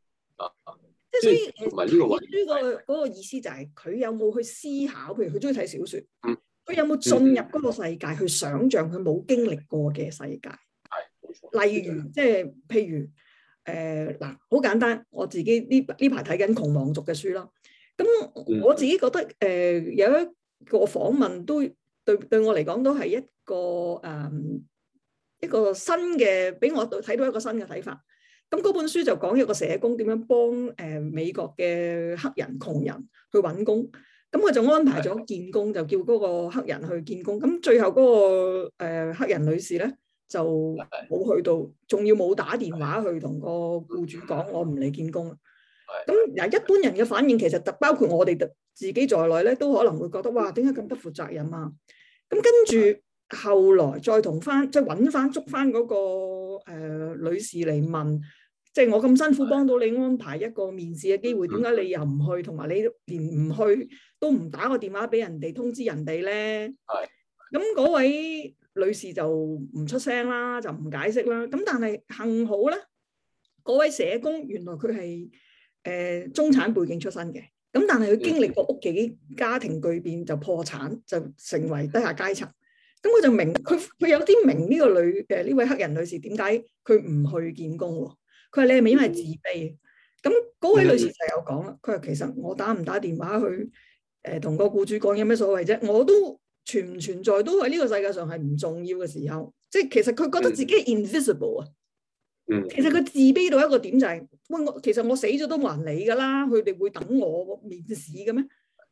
即係所以，呢個位書個個意思就係、是、佢有冇去思考？譬如佢中意睇小說。 佢有冇進入嗰個世界去想像佢冇經歷過嘅世界？係，例如即係、就是、譬如誒嗱，好、呃、簡單，我自己呢呢排睇緊《窮忙族》嘅書啦。咁我自己覺得誒、呃、有一個訪問都對對我嚟講都係一個誒、嗯、一個新嘅，俾我睇到一個新嘅睇法。咁嗰本書就講一個社工點樣幫誒美國嘅黑人窮人去揾工。咁我就安排咗見工，的就叫嗰個黑人去見工。咁最後嗰、那個、呃、黑人女士咧，就冇去到，仲要冇打電話去同個僱主講我唔嚟見工。咁嗱的，一般人嘅反應其實特包括我哋自己在內咧，都可能會覺得哇，點解咁不負責任啊？咁跟住後來再同翻即係揾翻捉翻嗰個、呃、女士嚟問。即係我咁辛苦幫到你安排一個面試嘅機會，點解的你又唔去？同埋你連唔去都唔打個電話俾人哋通知人哋咧？係咁嗰位女士就唔出聲啦，就唔解釋啦。咁但係幸好咧，嗰位社工原來佢係誒中產背景出身嘅。咁但係佢經歷過屋企家庭巨變，就破產，就成為低下階層。咁佢就明，佢佢有啲明呢個女誒呢位黑人女士點解佢唔去見工喎？佢話你係咪因為自卑？咁嗰、嗯、位女士就有講啦，佢話、嗯、其實我打唔打電話去誒同、呃、個僱主講有咩所謂啫？我都存唔存在都喺呢個世界上係唔重要嘅時候，即、就、係、是、其實佢覺得自己 invisible 啊。嗯，其實佢自卑到一個點就係、是，喂我其實我死咗都還你噶啦，佢哋會等我面試嘅咩？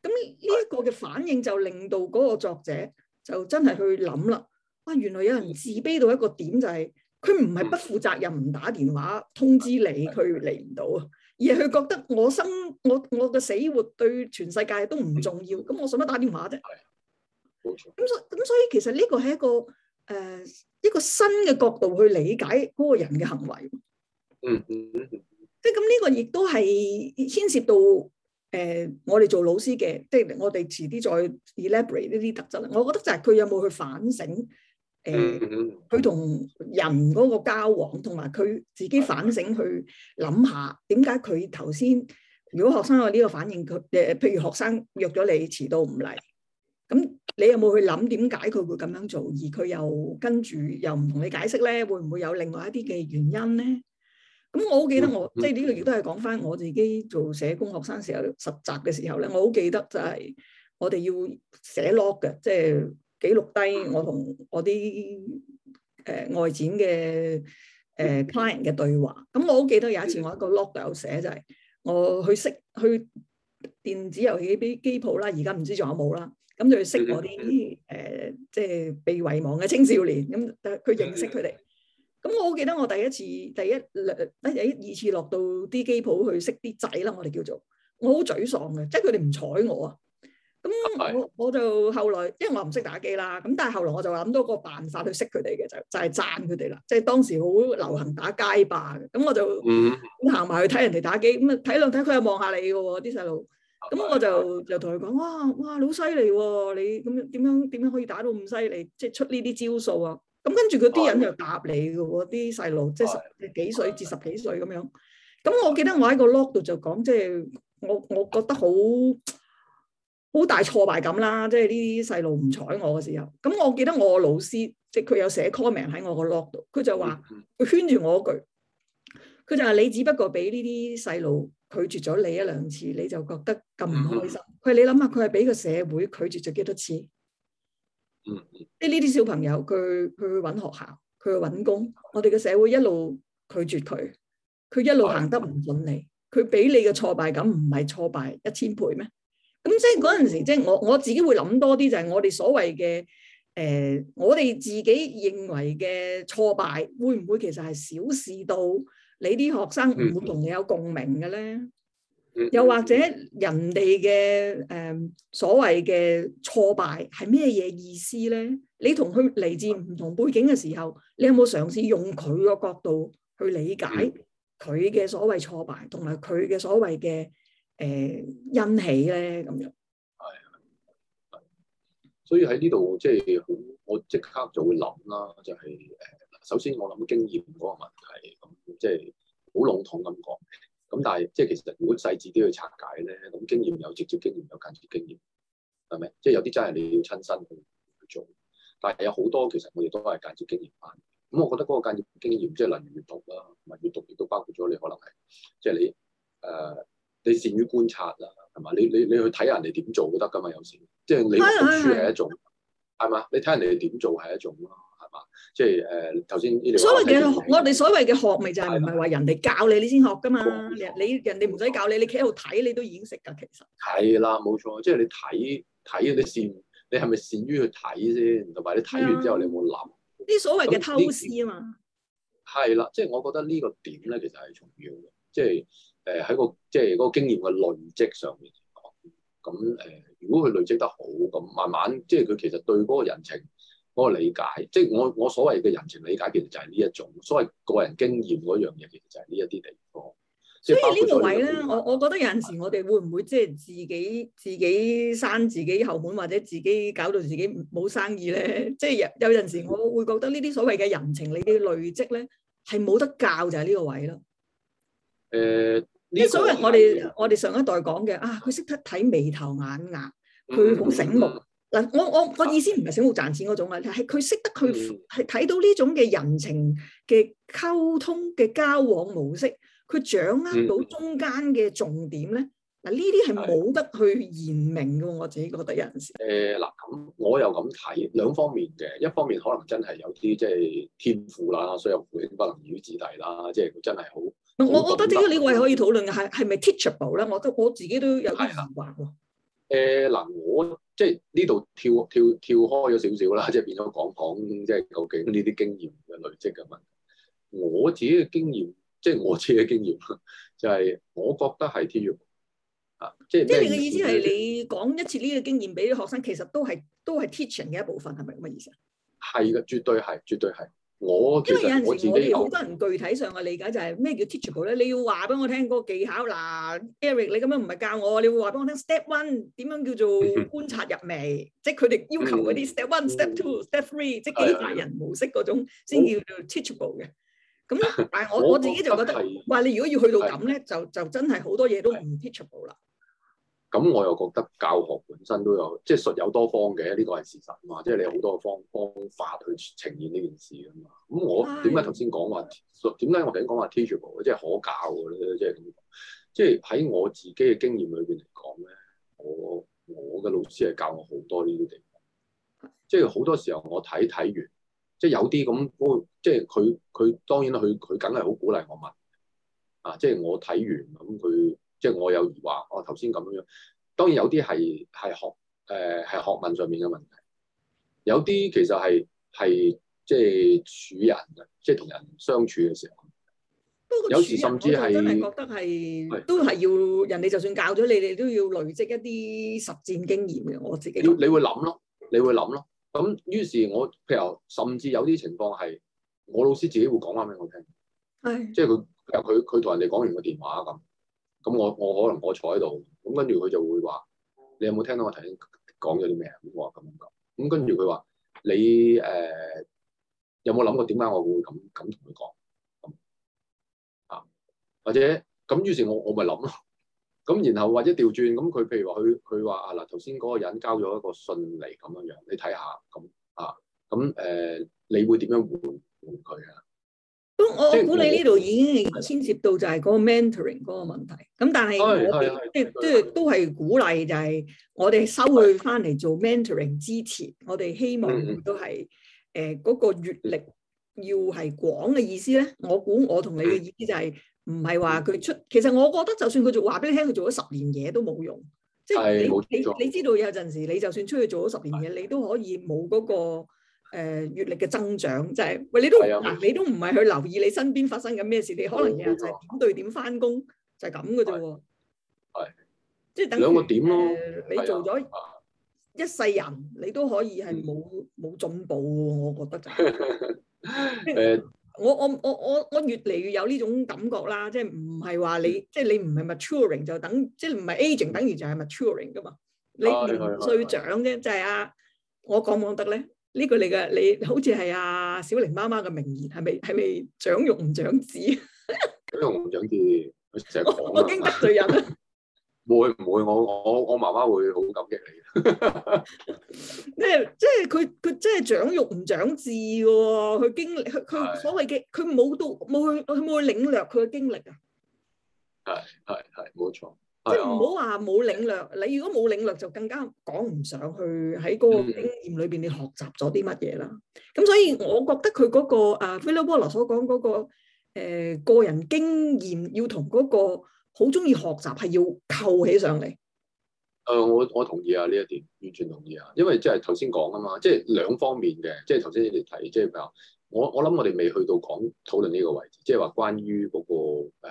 咁呢一個嘅反應就令到嗰個作者就真係去諗啦。哇，原來有人自卑到一個點就係、是。佢唔係不負責任唔打電話通知你，佢嚟唔到啊！而係佢覺得我生我我嘅死活對全世界都唔重要，咁的我使乜打電話啫？係的，冇錯。咁所咁所以其實呢個係一個誒、呃、一個新嘅角度去理解嗰個人嘅行為。嗯嗯，即係咁，呢個亦都係牽涉到誒、呃、我哋做老師嘅，即、就、係、是、我哋遲啲再 elaborate 呢啲特質。我覺得就係佢有冇去反省。誒，佢同、欸、人嗰個交往，同埋佢自己反省去諗下，點解佢頭先，如果學生有呢個反應，佢誒，譬如學生約咗你遲到唔嚟，咁你有冇去諗點解佢會咁樣做？而佢又跟住又唔同你解釋咧，會唔會有另外一啲嘅原因咧？咁我好記得我即係呢個亦都係講翻我自己做社工學生時候實習嘅時候咧，我好記得就係我哋要寫 log 嘅，即係。記錄低我同我啲誒、呃、外展嘅誒、呃、 client 嘅對話，咁我好記得有一次我一個 log 度有寫就係我去識去電子遊戲啲機鋪啦，而家唔知仲有冇啦，咁就去識我啲誒、 呃、即係被遺忘嘅青少年，咁但係佢認識佢哋，咁我好記得我第一次第一誒第一二次落到啲機鋪去識啲仔啦，我哋叫做我好沮喪嘅，即係佢哋唔睬我啊！咁我我就後來，因為我唔識打機啦。咁但係後來我就諗到個辦法去識佢哋嘅就係，讚就係讚佢哋啦。即係當時好流行打街霸，咁我就行埋去睇人哋打機，咁啊睇兩睇，佢又望下你嘅喎啲細路。咁我就又同佢講，哇哇好犀利喎！你咁、啊、樣點樣點樣可以打到咁犀利？即係出呢啲招數啊！咁跟住佢啲人就答你嘅喎啲細路，即係十幾歲至十幾歲咁樣。咁我記得我喺個 log 度就講，即係我我覺得好好大挫敗感啦，即係呢啲細路唔睬我嘅時候。咁我記得我老師，即係佢有寫 comment 喺我個 note 度，佢就話佢圈住我句，佢就話你只不過俾呢啲細路拒絕咗你一兩次，你就覺得咁唔開心。佢你諗下，佢係俾個社會拒絕咗幾多次？嗯，即係呢啲小朋友，佢佢去搵學校，佢去搵工，我哋嘅社會一路拒絕佢，佢一路行得唔順利，佢俾你嘅挫敗感唔係挫敗一千倍咩？咁即係嗰陣時，即係我我自己會諗多啲，就係我哋所謂嘅誒，我哋自己認為嘅挫敗，會唔會其實係小事到你啲學生唔會同你有共鳴嘅咧？又或者人哋嘅誒所謂嘅挫敗係咩嘢意思咧？你同佢嚟自唔同背景嘅時候，你有冇嘗試用佢個角度去理解佢嘅所謂挫敗，同埋佢嘅所謂嘅？誒欣、欸、喜咧咁樣，係所以喺呢度即係好，我即我刻就會諗啦，就係、是、誒，首先我諗經驗嗰個問題，咁、嗯、即係好籠統咁講，咁、嗯、但係即係其實如果細緻啲去拆解咧，咁、嗯、經驗有直接經驗有間接經驗，係咪？即係有啲真係你要親身去做，但係有好多其實我哋都係間接經驗翻。咁、嗯、我覺得嗰個間接經驗即係例如閲讀啦，同埋閲讀亦都包括咗你可能係即係你誒。呃你善於觀察啦，係嘛？你你你去睇下人哋點做都得㗎嘛？有時即係、就是、你讀書係一種，係嘛？錯你睇下人哋點做係一種咯，係嘛？即係誒頭先呢所謂嘅我哋所謂嘅學，咪就係唔係話人哋教你你先學㗎嘛？你人哋唔使教你，你企喺度睇你都已經識㗎，其實係啦，冇、啊、錯。即、就、係、是、你睇睇啲線你係咪善於去睇先，同埋你睇完之後你有冇諗？啲所謂嘅偷師啊嘛，係啦。即、就、係、是、我覺得呢個點咧，其實係重要嘅，即係。誒，喺個即係個經驗嘅累積上面嚟講，咁誒，如果佢累積得好，咁慢慢即係佢其實對嗰個人情嗰個理解，即係我我所謂嘅人情理解，其實就係呢一種所謂個人經驗嗰樣嘢，其實就係呢一啲地方。所以呢個位咧，我我覺得有陣時我哋會唔會即係自己自己生自己後門，或者自己搞到自己冇生意咧？即係有有陣時我會覺得呢啲所謂嘅人情你嘅累積咧，係冇得教就係呢個位咯。誒，即、呃這個、所謂我哋我哋上一代講嘅啊，佢識得睇眉頭眼額，佢好醒目。嗱、嗯嗯，我我個意思唔係醒目賺錢嗰種啊，係佢識得佢係睇到呢種嘅人情嘅溝通嘅交往模式，佢掌握到中間嘅重點咧。嗱、嗯，呢啲係冇得去言明嘅，的我自己覺得、呃、有陣時。誒，嗱，咁我又咁睇兩方面嘅，一方面可能真係有啲即係天賦啦，所以有古靈巴龍魚子弟啦，即係佢真係好。我覺得呢個你係可以討論嘅，係係咪 teachable 咧？我都我自己都有啲疑惑，誒嗱，我即係呢度跳跳跳開咗少少啦，即係變咗講講，即係究竟呢啲經驗嘅累積嘅問題。我自己嘅經驗，即係我自己嘅經驗、就係，就係我覺得係 teachable 啊。即係即係你嘅意思係你講一次呢個經驗俾啲學生，其實都係都係 teaching 嘅一部分，係咪咁嘅意思？係嘅，絕對係，絕對係。我因為有陣時我哋好多人具體上嘅理解就係咩叫 teachable 咧？你要話俾我聽嗰個技巧嗱、啊、，Eric 你咁樣唔係教我，你會話俾我聽 step one 點樣叫做觀察入微，即係佢哋要求嗰啲 step one、嗯、step two、step three，即係機械人模式嗰種先叫做 teachable 嘅。咁但係我我自己就覺得，哇！ 你如果要去到咁咧的，就就真係好多嘢都唔 teachable 啦。咁我又覺得教學本身都有，即係術有多方嘅，呢、這個係事實嘛。即係你有好多個方方法去呈現呢件事㗎嘛。咁我點解頭先講話術？點解、啊、我哋講話 teachable，即係可教嘅咧？即係咁，即係喺我自己嘅經驗裏邊嚟講咧，我我嘅老師係教我好多呢啲地方。即係好多時候我睇睇完，即係有啲咁嗰，即係佢佢當然啦，佢佢梗係好鼓勵我問。啊，即係我睇完咁佢。即係我有疑話，我頭先咁樣樣，當然有啲係係學誒係、呃、學問上面嘅問題，有啲其實係係即係處人，即係同人相處嘅時候。不過，有時甚至係覺得係都係要人哋，就算教咗你哋，你都要累積一啲實戰經驗嘅。我自己你會諗咯，你會諗咯。咁於是我，我譬如甚至有啲情況係我老師自己會講翻俾我聽，係即係佢佢佢同人哋講完個電話咁。咁我我可能我坐喺度，咁跟住佢就會話：你有冇聽到我頭先講咗啲咩啊？咁我話咁樣咁，咁跟住佢話你誒、呃、有冇諗過點解我會咁咁同佢講咁啊？或者咁，於是我，我我咪諗咯。咁然後或者調轉咁，佢譬如話佢佢話啊嗱，頭先嗰個人交咗一個信嚟咁樣樣，你睇下咁啊咁誒、呃，你會點樣回回佢啊？咁我我估你呢度已經係牽涉到就係嗰個 mentoring 嗰的個問題。咁但係我係即係都係的鼓勵就係我哋收佢翻嚟做 mentoring 之前，我哋希望都係誒嗰個閲歷要係廣嘅意思咧。我估我同你嘅意思就係唔係話佢出。的其實我覺得就算佢做話俾你聽，佢做咗十年嘢都冇用。即係你你的你知道有陣時，你就算出去做咗十年嘢，的你都可以冇嗰個。誒閱歷嘅增長，就係喂你都嗱，你都唔係去留意你身邊發生緊咩事，你可能日日就係點對點翻工，就係咁嘅啫喎。係，即係等於兩個點咯。你做咗一世人，你都可以係冇冇進步，我覺得就係。我我我我我越嚟越有呢種感覺啦，即係唔係話你即係你唔係 maturing 就等，即係唔係 aging，等於就係 maturing 噶嘛？你年歲長啫，就係啊，我講唔講得咧。呢句嚟噶，你好似係阿小玲媽媽嘅名言，係咪係咪長肉唔長智？長肉唔長智，我我驚得罪人。唔 會唔會，我我我媽媽會好感激你 即。咩？即係佢佢真係長肉唔長智嘅喎，佢經歷佢佢所謂嘅，佢冇到冇去冇去領略佢嘅經歷啊。係係係，冇錯。即係唔好話冇領略，你如果冇領略就更加講唔上去喺嗰個經驗裏邊，你學習咗啲乜嘢啦？咁、嗯、所以我覺得佢嗰、那個啊 Philosopher 所講嗰個誒個人經驗，要同嗰個好中意學習係要扣起上嚟。誒，我我同意啊，呢一點完全同意啊，因為即係頭先講啊嘛，即係兩方面嘅，即係頭先你哋提，即、就、係、是、比較我我諗我哋未去到講討論呢個位置，即係話關於嗰、那個誒。呃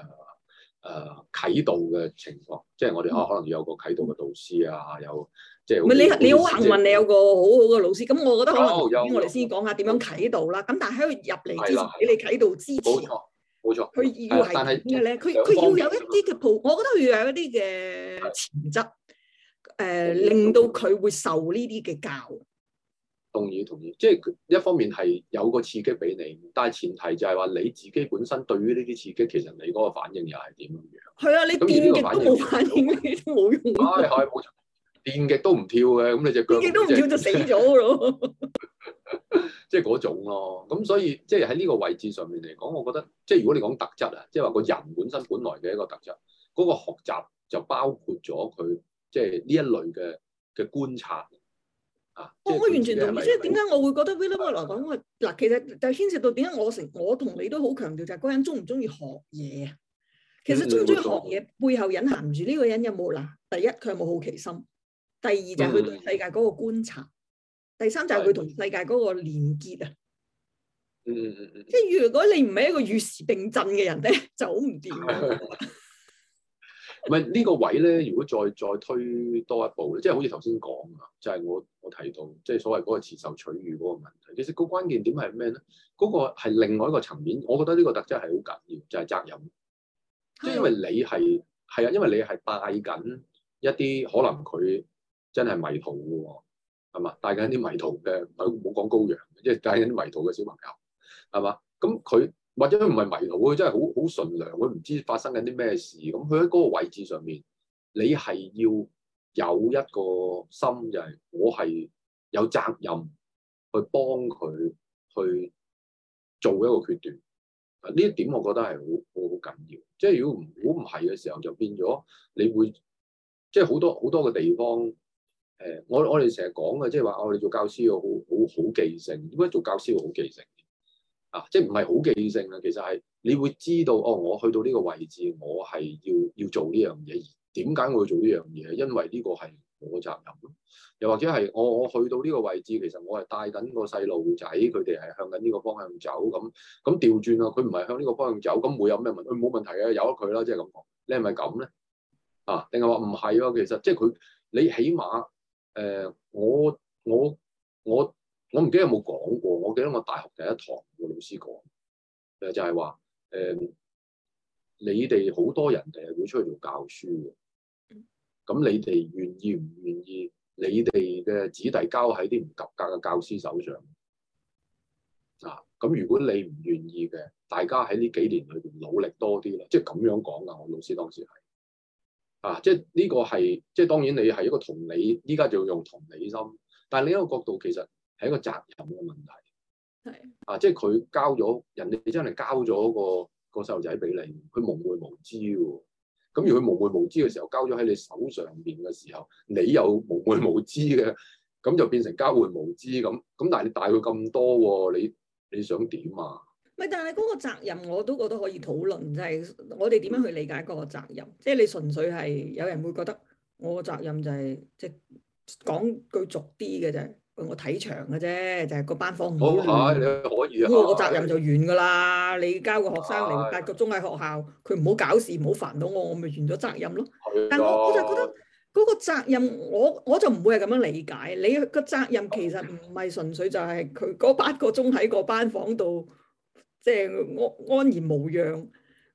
誒，啟導嘅情況，即係我哋可、嗯、可能有個啟導嘅導師啊，有即係。你你好幸運，你有個好好嘅老師。咁我覺得可能，我哋先講下點樣啟導啦。咁但係喺佢入嚟之前，俾你啟導之前，冇錯佢要係點咧？佢佢是要有一啲嘅鋪，我覺得要有一啲嘅潛質，誒的、嗯嗯嗯嗯，令到佢會受呢啲嘅教。動與同意，即係一方面係有個刺激俾你，但係前提就係話你自己本身對於呢啲刺激，其實你嗰個反應又係點樣樣？係啊，你電極個都冇反應，冇用。啊、哎，冇、哎、錯，電極都唔跳嘅，咁你腳就是、電極都唔跳就死咗咯。 即係嗰種咯，咁所以即係喺呢個位置上面嚟講，我覺得即係如果你講特質啊，即係話個人本身本來嘅一個特質，嗰、嗰個學習就包括咗佢即係呢一類嘅嘅觀察。我、啊、我完全同意，所以點解我會覺得 William 嚟講，我嗱，其實就牽涉到點解我成我同你都好強調，就係嗰個人鍾唔鍾意學嘢啊？其實鍾唔鍾意學嘢背後隱含唔住呢個人有冇嗱？第一佢有冇好奇心，第二就係佢對世界嗰個觀察，嗯、第三就係佢同世界嗰個連結啊。嗯，即係如果你唔係一個與時並進嘅人咧，就唔掂。 唔係呢個位咧，如果再再推多一步咧，即係好似頭先講啊，就係、是、我我提到即係、就是、所謂嗰個自受取予嗰個問題。其實個關鍵點係咩咧？嗰、那個係另外一個層面。我覺得呢個特質係好緊要，就係、是、責任。即係因為你係係啊，因為你係帶緊一啲可能佢真係迷途嘅喎，係嘛？帶緊啲迷途嘅，唔好講羔羊，即係帶緊迷途嘅小朋友，係嘛？咁佢。或者佢唔係迷路，佢真係好好純良，佢唔知發生緊啲咩事咁。佢喺嗰個位置上面，你係要有一個心，就係、是、我係有責任去幫佢去做一個決斷。呢一點我覺得係好好好緊要。即係如果唔好唔係嘅時候，就變咗你會即係好多好多嘅地方。誒、呃，我我哋成日講嘅即係話，我哋做教師要好好好記性。點解做教師要好記性？啊！即係唔係好記性啊？其實係你會知道哦。我去到呢個位置，我係要要做呢樣嘢，而點解我要做呢樣嘢？因為呢個係我責任咯。又或者係我我去到呢個位置，其實我係帶緊個細路仔，佢哋係向緊呢個方向走咁咁調轉咯。佢唔係向呢個方向走，咁會有咩問題？冇、欸、問題嘅、啊，由得佢啦，即係咁講。你係咪咁咧？啊？定係話唔係喎？其實即係佢，你起碼誒、呃，我我我我唔記得有冇講過。我記得我大學第一堂。老師講誒就係話誒，你哋好多人係會出去做教書嘅，咁你哋願意唔願意？你哋嘅子弟交喺啲唔及格嘅教師手上啊？咁如果你唔願意嘅，大家喺呢幾年裏邊努力多啲啦，即係咁樣講噶。我老師當時係啊，即係呢個係即係當然你係一個同理，依家就要用同理心。但係另一個角度其實係一個責任嘅問題。啊！即係佢交咗，人哋真係交咗個個細路仔俾你，佢蒙昧無知嘅。咁而佢蒙昧無知嘅時候，交咗喺你手上面嘅時候，你又蒙昧無知嘅，咁就變成交換無知咁。咁但係你大佢咁多，你你想點啊？唔係，但係嗰個責任我都覺得可以討論，就係我哋點樣去理解個責任？即係你純粹係有人會覺得我嘅責任就係即係講句俗啲嘅啫。我睇場嘅啫，就係、是、個班房唔好亂。好啊，可以啊。咁我個責任就完㗎啦。你交個學生嚟八個鐘喺學校，佢唔好搞事，唔好煩到我，我咪完咗責任咯。但我我就覺得嗰個責任，我我就唔會係咁樣理解。你個責任其實唔係純粹就係佢嗰八個鐘喺個班房度，即係安安然無恙。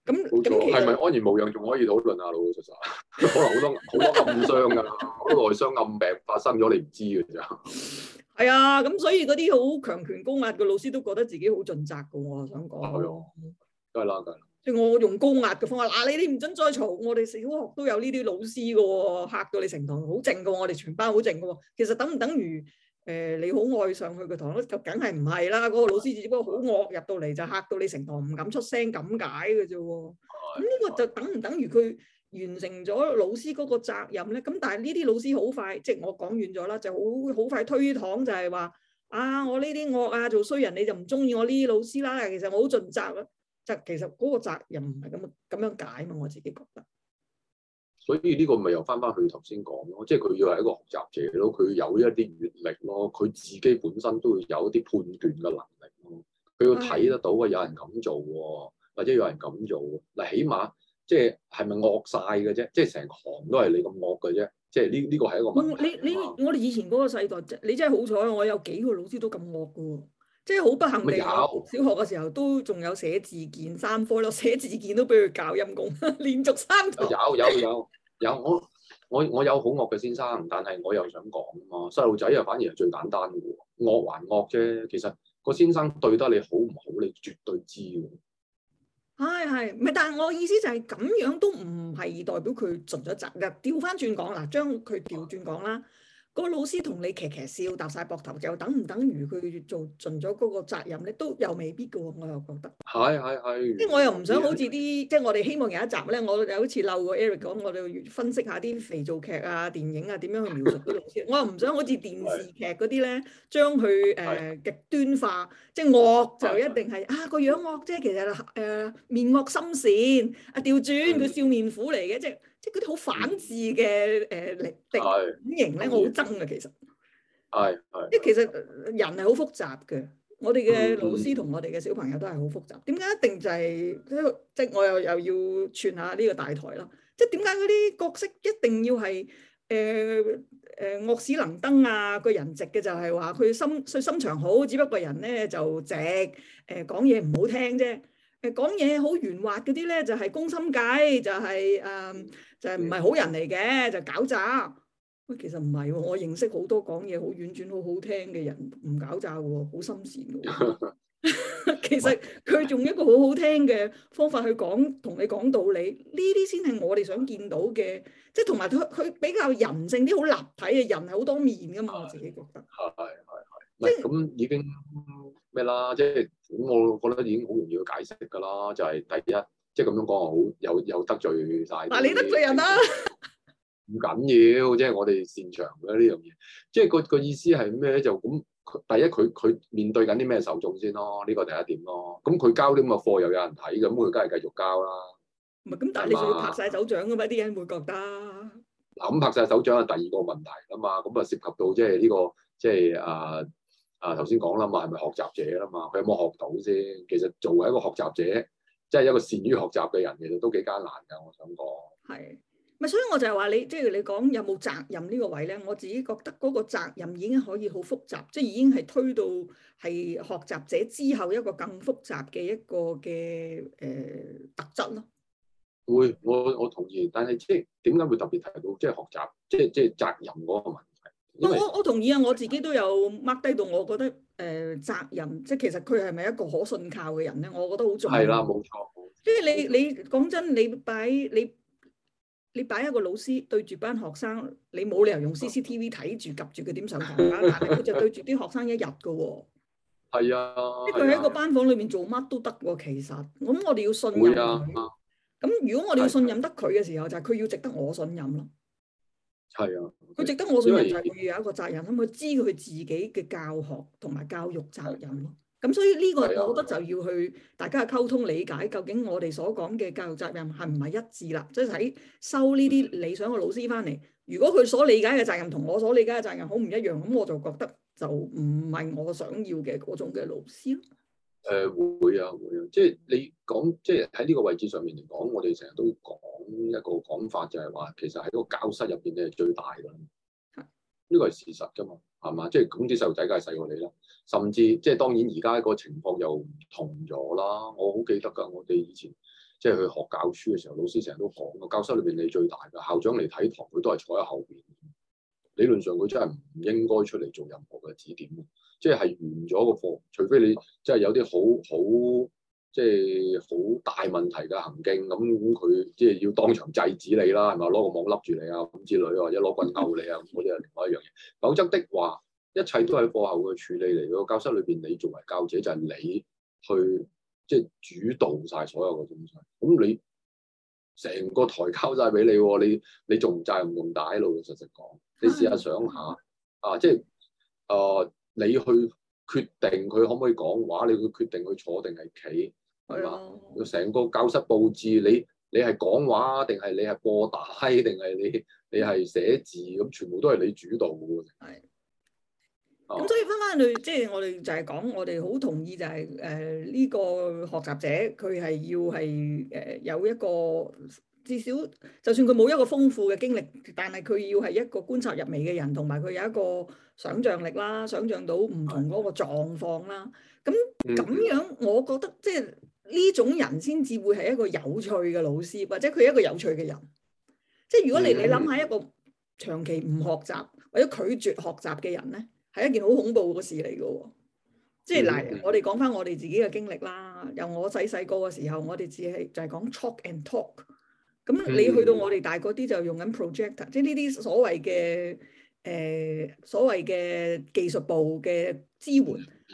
冇錯，係咪安然無恙仲可以討論啊？老老實實，可能好多好 多，多暗傷噶，好多內傷暗病發生咗，你唔知嘅咋？係啊，咁所以嗰啲好強權高壓嘅老師都覺得自己好盡責嘅，我係想講。係啊，都係啦，都係。即係我用高壓嘅方法，嗱 你你唔准再嘈，我哋小學都有呢啲老師嘅喎，嚇到你成堂好靜嘅，我哋全班好靜嘅喎。其實等唔等於？誒、呃、你好愛上佢個堂，就梗係唔係啦？嗰、那個老師只不過好惡入到嚟就嚇到你成堂唔敢出聲咁解嘅啫喎。咁、嗯、呢、這個就等唔等於佢完成咗老師嗰個責任咧？咁但係呢啲老師好快，即係我講遠咗啦，就好好快推搪就係話啊，我呢啲惡啊，做衰人，你就唔中意我呢啲老師啦。其實我好盡責啊，即其實嗰個責任唔係咁咁樣解嘛，我自己覺得。所以呢個咪又翻翻去頭先講咯，即係佢要係一個學習者咯，佢有一啲閲歷咯，佢自己本身都要有一啲判斷嘅能力咯，佢要睇得到啊，有人咁做喎，嗯、或者有人咁做，嗱，起碼即係係咪惡晒嘅啫？即係成行都係你咁惡嘅啫？即係呢呢個係一個問題，你，你你我哋以前嗰個世代，即你真係好彩，我有幾個老師都咁惡嘅。即係好不幸地，小學嘅時候都仲有寫字件三科咯，寫字件都俾佢教，陰功，連續三堂。有有有有，我我我有好惡嘅先生，但係我又想講啊嘛。細路仔啊反而係最簡單嘅喎，惡還惡啫。其實個先生對得你好唔好，你絕對知嘅。係係，唔係但係我意思就係、是、咁樣都唔係代表佢盡咗責㗎。調翻轉講嗱，將佢調轉講啦。個老師同你騎騎笑搭晒膊頭，就等唔等於佢做盡咗嗰個責任咧？都又未必嘅喎，我又覺得。係係係。即係我又唔想好似啲，是是是即係我哋希望有一集咧，我有好似漏過 Eric 講，我哋分析下啲肥皂劇啊、電影啊點樣去描述啲老師。是是是我又唔想好似電視劇嗰啲咧，將佢誒極端化，是是是即係惡就一定係啊個樣惡啫，其實誒、呃、面惡心善，啊調轉叫笑面虎嚟嘅，即係。即係嗰啲好反智嘅誒定定型咧，的我好憎嘅其實。係係。即係其實人係好複雜嘅，我哋嘅老師同我哋嘅小朋友都係好複雜。點解一定就係、是、即係我又又要串下呢個大台啦？即係點解嗰啲角色一定要係誒誒惡死能登啊？個人直嘅，就係話佢心心腸好，只不過人咧就直誒講嘢唔好聽啫。誒講嘢好圓滑嗰啲咧，就係攻心計，就係誒，就係唔係好人嚟嘅，就狡詐。喂，其實唔係喎，我認識好多講嘢好婉轉、好好聽嘅人，唔狡詐喎，好心善嘅。其實佢用一個好好聽嘅方法去講，同你講道理。呢啲先係我哋想見到嘅，即係同埋佢佢比較人性啲、好立體嘅人係好多面㗎嘛。我自己覺得係係係，即係咁已經咩啦？即係。咁我覺得已經好容易去解釋㗎啦，就係、是、第一，即係咁樣講好，又有，有得罪晒嗱，你得罪人啦，唔緊要，即係我哋擅長嘅呢樣嘢，即係個個意思係咩咧？就咁第一，佢佢面對緊啲咩受眾先咯，呢、這個第一點咯。咁、嗯、佢交啲咁嘅貨又有人睇，咁佢梗係繼續交啦。唔係咁，但係你要拍晒手掌㗎嘛，啲人會覺得嗱，咁拍晒手掌係第二個問題啊嘛。咁啊，涉及到即係呢個即係、就是、啊。啊，頭先講啦嘛，係咪學習者啦嘛？佢有冇學到先？其實作為一個學習者，即係一個善於學習嘅人，其實都幾艱難㗎。我想講係咪？所以我就係話你，即係你講有冇責任呢個位咧？我自己覺得嗰個責任已經可以好複雜，即係已經係推到係學習者之後一個更複雜嘅一個嘅誒、呃、特質咯。會，我我同意，但係即係點解會特別提到即係學習，即係即係責任嗰個問題？我我同意啊！我自己都有 mark 低到，我覺得誒、呃、責任，即係其實佢係咪一個可信靠嘅人咧？我覺得好重要。係啦，冇錯。即係你你，你講真，你擺你你擺一個老師對住班學生，你冇理由用 CCTV 睇住及住佢點上堂啊！ 但係佢就對住啲學生一日嘅喎。係啊的，即佢喺個班房裏面做乜都得喎、啊。其實，咁我哋要信任佢。會啊。咁如果我哋要信任得佢嘅時候，的就係佢要值得我信任咯。係啊，佢值得我信任，就要有一個責任，咁佢為知佢自己嘅教學同埋教育責任咯。咁的所以呢個，我覺得就要去大家去溝通理解，究竟我哋所講嘅教育責任係唔係一致啦？即係喺收呢啲理想嘅老師翻嚟，如果佢所理解嘅責任同我所理解嘅責任好唔一樣，咁我就覺得就唔係我想要嘅嗰種嘅老師咯。誒、呃、會啊，會啊，即係你講即係喺呢個位置上面嚟講，我哋成日都講一個講法就，就係話其實喺個教室入邊你係最大㗎。呢個係事實㗎嘛，係嘛？即係咁啲細路仔梗係細過你啦，甚至即係當然而家個情況又唔同咗啦。我好記得㗎，我哋以前即係去學教書嘅時候，老師成日都講，個教室裏邊你最大㗎，校長嚟睇堂佢都係坐喺後邊，理論上佢真係唔應該出嚟做任何嘅指點，即係完咗個課，除非你即係有啲好好即係好大問題嘅行徑，咁佢即係要當場制止你啦，係咪？攞個網笠住你啊，咁之類或者攞棍你啊，咁嗰啲係另外一樣嘢。否則的話，一切都係過後嘅處理嚟。個教室裏邊，你作為教者就係你去即係主導晒所有嘅東西。咁你成個台交晒俾你，啊、你，你你仲唔責任咁大？老老實實講，你試，試想下想下啊，即係啊～、呃你去決定佢可唔可以講話，你去決定佢坐定係企，係嘛？成的個教室佈置，你你係講話定係你係播大，定係你你係寫字，咁全部都係你主導嘅。係，咁所以翻翻去，即係我哋就係講，我哋好同意就係誒呢個學習者佢係要係誒、呃、有一個。至少就算佢冇一個豐富嘅經歷，但係佢要係一個觀察入微嘅人，同埋佢有一個想像力啦，想像到唔同嗰個狀況啦。咁咁樣，我覺得即係呢種人先至會係一個有趣嘅老師，或者佢係一個有趣嘅人。即係如果你你諗下一個長期唔學習或者拒絕學習嘅人咧，係一件好恐怖嘅事嚟㗎。即係嗱，我哋講翻我哋自己嘅經歷啦。由我細細個嘅時候，我哋只係就係講 talk and talk。咁、嗯嗯、你去到我哋大嗰啲就用緊 projector 即係呢啲所謂嘅誒、呃、所謂嘅技術部嘅支援。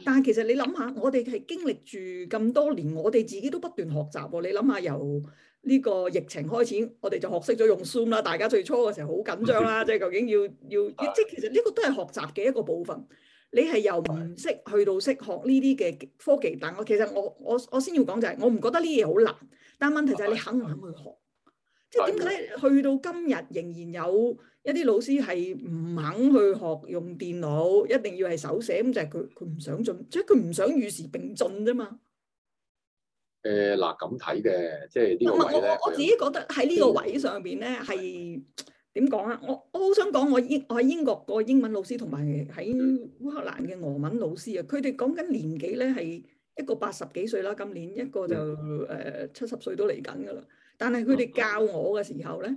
但係其實你諗下，我哋係經歷住咁多年，我哋自己都不斷學習。你諗下，由呢個疫情開始，我哋就學識咗用 Zoom 啦。大家最初嘅時候好緊張啦，嗯、即係究竟要要即係其實呢個都係學習嘅一個部分。你係由唔識去到識學呢啲嘅科技。但我其實我我我先要講就係，我唔覺得呢嘢好難，但係問題就係你肯唔肯去學？即係點解去到今日仍然有一啲老師係唔肯去學用電腦，一定要係手寫，咁就係佢佢唔想進，即係佢唔想與時並進啫嘛。誒嗱，咁睇嘅，即係啲位咧。我我我自己覺得喺呢個位上邊咧係點講啊？我我好想講我英我喺英國個英文老師同埋喺烏克蘭嘅俄文老師啊，佢哋講緊年紀咧係一個八十幾歲啦，今年一個就誒七十歲都嚟緊噶啦。但係佢哋教我嘅時候咧，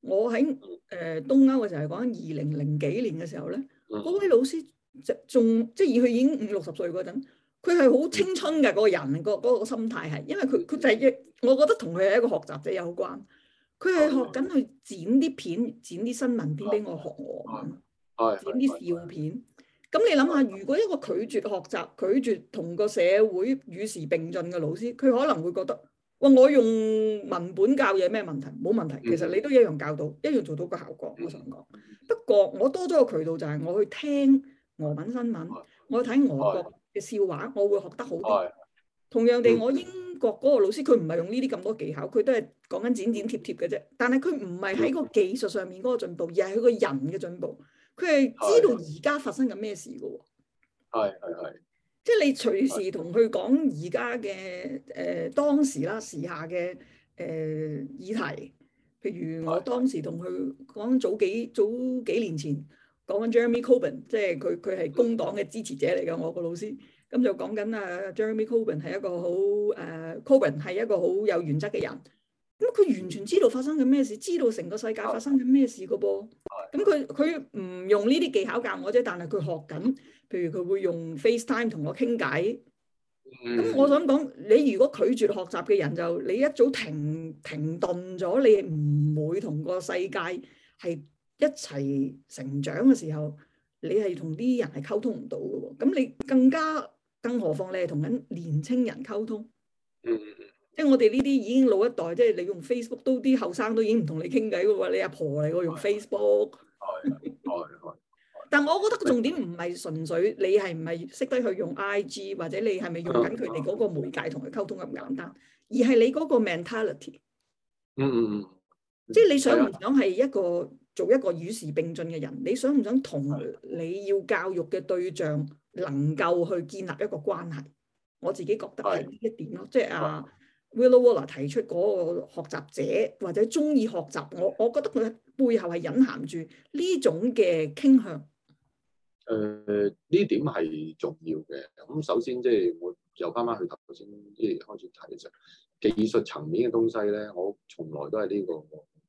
我喺誒、呃、東歐嘅時候係講二零零幾年嘅時候咧，嗰位老師就仲即係以佢已經五六十歲嗰陣，佢係好青春嘅、嗰個人，個、嗰、嗰個心態係，因為佢佢就係、係、一，我覺得同佢係一個學習者有關。佢係學緊去剪啲片、剪啲新聞片俾我學俄文，剪啲笑片。咁你諗下，如果一個拒絕學習、拒絕同個社會與時並進嘅老師，佢可能會覺得。喂，我用文本教嘢咩問題？冇問題，其實你都一樣教到，一樣做到個效果。我想講，不過我多咗個渠道就係我去聽俄文新聞，我去睇俄國嘅笑話，我會學得好啲。同樣地，我英國嗰個老師佢唔係用呢啲咁多技巧，佢都係講緊剪剪貼貼嘅啫。但係佢唔係喺個技術上面嗰個進步，而係佢個人嘅進步。佢係知道而家發生緊咩事㗎喎。係係係。即係你隨時同佢講而家嘅誒當時啦，時下嘅誒、呃、議題，譬如我當時同佢講早幾早幾年前講緊 Jeremy Corbyn，即係佢佢係工黨嘅支持者嚟㗎，我個老師，咁、嗯、就講緊啊 Jeremy Corbyn 係一個好誒，Corbyn 係一個好有原則嘅人。咁佢完全知道發生緊咩事，知道成個世界發生緊咩事噶噃。咁佢佢唔用呢啲技巧教我啫，但係佢學緊。譬如佢會用 FaceTime 同我傾偈。咁文、嗯、我想講，你如果拒絕學習嘅人，就你一早停停頓咗，你唔會同個世界係一齊成長嘅時候，你係同啲人係溝通唔到㗎。咁你更加，更何況你係同緊年輕人溝通。嗯。文即係我哋呢啲已經老一代，即係你用 Facebook，都啲後生都已經唔同你傾偈嘅喎。你阿婆嚟喎用 Facebook， 但係我覺得重點唔係純粹你係唔係識得去用 IG，或者你係咪用緊佢哋嗰個媒介同佢溝通咁簡單，而係你嗰個 mentality、mm。嗯，即係你想唔想係一個 做一個與時並進嘅人？你想唔想同你要教育嘅對象能夠去建立一個關係？我自己覺得係呢一點咯，即係啊。 Willow Waller 提出嗰個學習者或者中意學習我，我我覺得佢喺背後係隱含住呢種嘅傾向。誒、呃，呢點係重要嘅。咁首先即係、就是、我又翻翻去頭先，即係開始睇嘅時候，技術層面嘅東西咧，我從來都係呢個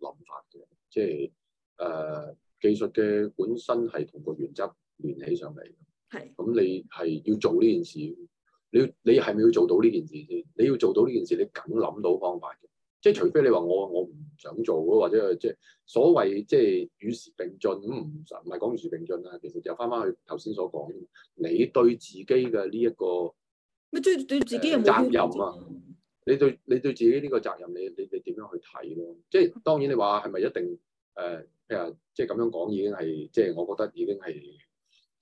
諗法嘅。即係誒，技術嘅本身係同個原則聯起上嚟。係是。咁你係要做呢件事。你你係咪要做到呢件事先？你要做到呢件事，你梗諗到方法嘅。即係除非你話我我唔想做咯，或者即係所謂即係與時並進咁唔唔係講與時並進啦。其實就翻翻去頭先所講你對自己嘅呢一個咩？即係對自己責任啊！你對你對自己呢個責任，你你你點樣去睇咯？即係當然你話係咪一定誒譬如，即係咁樣講已經係即係我覺得已經係。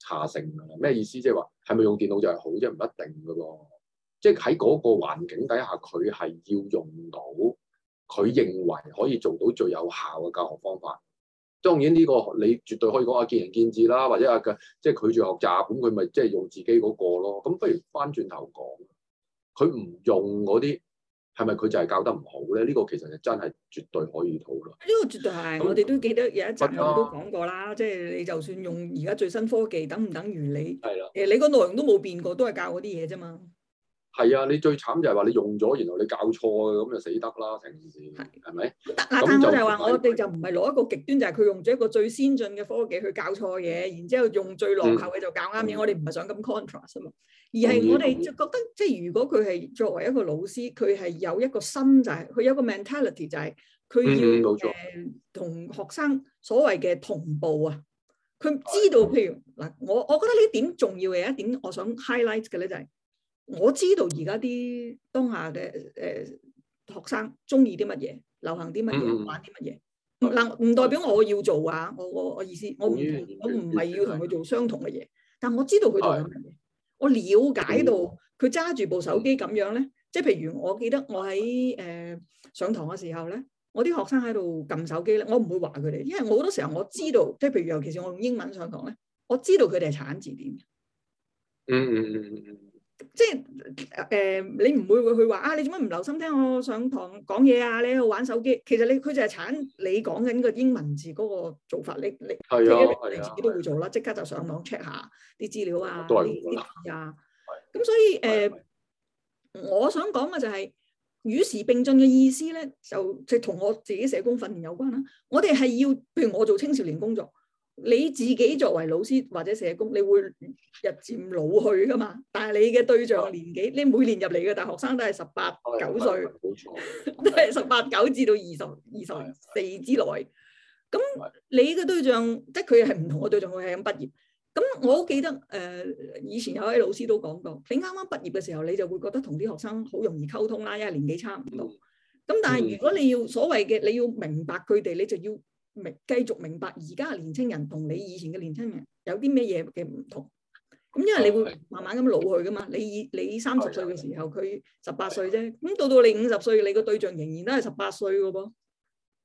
下成咩意思？即係話係咪用電腦就係好啫？唔一定嘅喎，即係喺嗰個環境底下，佢係要用到佢認為可以做到最有效嘅教學方法。當然呢個你絕對可以講啊，見仁見智啦，或者啊嘅即係拒絕學習，咁佢咪即係用自己嗰個咯。咁不如翻轉頭講，佢唔用嗰啲。係咪佢就係教得唔好咧？呢、呢個其實係真係絕對可以討論。呢個絕對係，以我哋都記得有一集我哋都講過啦。即係的你就算用而家最新科技等等，等唔等於你？係啦。誒，你個內容都冇變過，都係教嗰啲嘢啫嘛。係啊，你最慘就係話你用咗，然後你教錯咁就死得啦，成件事。係係咪？嗱但，但我就係話，我哋就唔係攞一個極端，啊、就係佢用咗一個最先進嘅科技去教錯嘢，然之後用最落後嘅就教啱嘢。我哋唔係想咁 contrast 啊嘛。而係我哋就覺得，即係如果佢係作為一個老師，佢係有一個心就係、是、佢有一個 mentality 就係、是、佢要誒同、嗯、學生所謂嘅同步啊。佢知道譬如嗱，我我覺得呢點重要嘅一點，我想 highlight 嘅咧就係、是、我知道而家啲當下嘅誒、呃、學生中意啲乜嘢，流行啲乜嘢，嗯、玩啲乜嘢。嗱唔代表我要做啊！我我我意思，我唔、嗯、我唔係要同佢做相同嘅嘢，但我知道佢做緊乜嘢。嗯嗯我了解到佢揸住部手機咁樣咧，即係譬如我記得我喺誒、呃、上堂嘅時候咧，我啲學生喺度撳手機咧，我唔會話佢哋，因為我好多時候我知道，即係譬如尤其是我用英文上堂咧，我知道佢哋係查字典嘅、嗯。嗯嗯嗯嗯。即係誒、呃，你唔會會去、啊、話啊！你做乜唔留心聽我上堂講嘢啊？你喺度玩手機。其實你佢就係產你講緊個英文字嗰個做法。你的你係啊自己都會做啦，即的刻就上網 check 下啲資料啊，啲字啊。咁的所以誒，我想講嘅就係、是、與時並進嘅意思咧，就即係同我自己社工訓練有關啦。我哋係要，譬如我做青少年工作。你自己作為老師或者社工，你會日漸老去噶嘛？但係你嘅對象年紀，的你每年入嚟嘅大學生都係十八九歲，哎、都係十八九至到二十二十四之內。咁你嘅對象，的即係佢係唔同嘅對象去咁畢業。咁我記得誒、呃，以前有位老師都講過，你啱啱畢業嘅時候，你就會覺得同啲學生好容易溝通啦，因為年紀差唔多。咁、嗯、但係如果你要所謂嘅，你要明白佢哋，你就要。明繼續明白，而家嘅年青人同你以前嘅年青人有啲咩嘢嘅唔同？咁因為你會慢慢咁老去㗎嘛？你你三十歲嘅時候，佢十八歲啫。咁到到你五十歲，你個對象仍然都係十八歲嘅噃。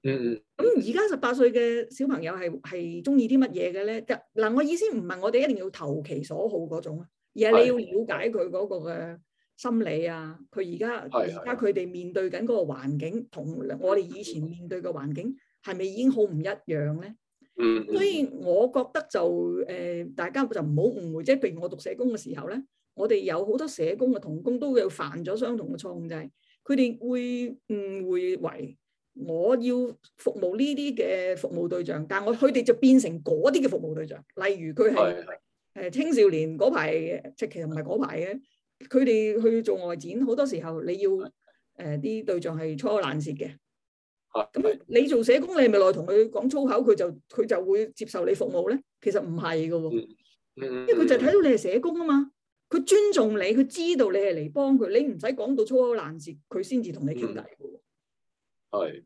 嗯。咁而家十八歲嘅小朋友係係鍾意啲乜嘢嘅咧？嗱，我意思唔係我哋一定要投其所好嗰種，而係你要了解佢嗰個嘅心理啊。佢而家而家佢哋面對緊嗰個環境，同我哋以前面對嘅環境，係咪已經好唔一樣咧？嗯、所以我覺得就誒、呃，大家就唔好誤會，即係譬如我讀社工嘅時候咧，我哋有好多社工嘅同工都有犯咗相同嘅錯誤，就係佢哋會誤會為我要服務呢啲嘅服務對象，但我佢哋就變成嗰啲嘅服務對象。例如佢係誒青少年嗰排，即的其實唔係嗰排嘅，佢哋去做外展，好多時候你要誒啲、呃、對象係初爛舌嘅，咁你做社工，你係咪來同佢講粗口，佢就佢就會接受你服務咧？其實唔係噶，因為佢就睇到你係社工啊嘛。佢尊重你，佢知道你係嚟幫佢，你唔使講到粗口爛舌，佢先至同你傾偈係，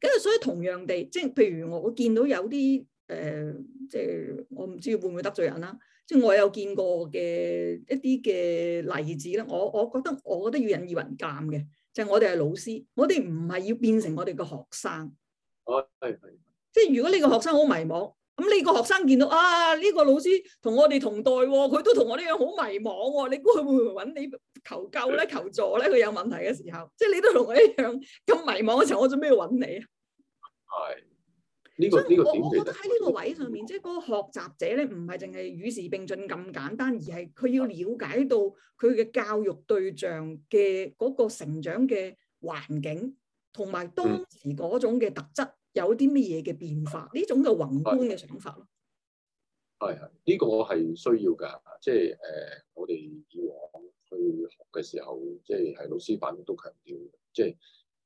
跟住 所以同樣地，即係譬如我見到有啲誒、呃，即係我唔知會唔會得罪人啦。即係我有見過嘅一啲嘅例子啦。我我覺得我覺得要引以為鑑嘅。就我哋係老師，我哋唔係要變成我哋嘅學生。哦，係係。即係如果呢個學生好迷茫，咁呢個學生見到啊，呢個老師同我哋同代，佢都同我呢樣好迷茫，你估佢會唔會揾你求救咧？求助咧？佢有問題嘅時候，即係你都同我一樣咁迷茫嘅時候，我做咩要揾你啊？係。Yes. 這個、所以我、這個、我覺得喺呢個位上面，即係嗰個學習者咧，唔係淨係與時並進咁簡單，而係佢要了解到佢嘅教育對象嘅嗰個成長嘅環境，同埋當時嗰種嘅特質有啲乜嘢嘅變化？呢、嗯、種嘅宏觀嘅想法咯。係係、哎，呢、哎這個係需要㗎，即係誒，我哋以往去學嘅時候，即係係老師版都強調嘅，即係。就是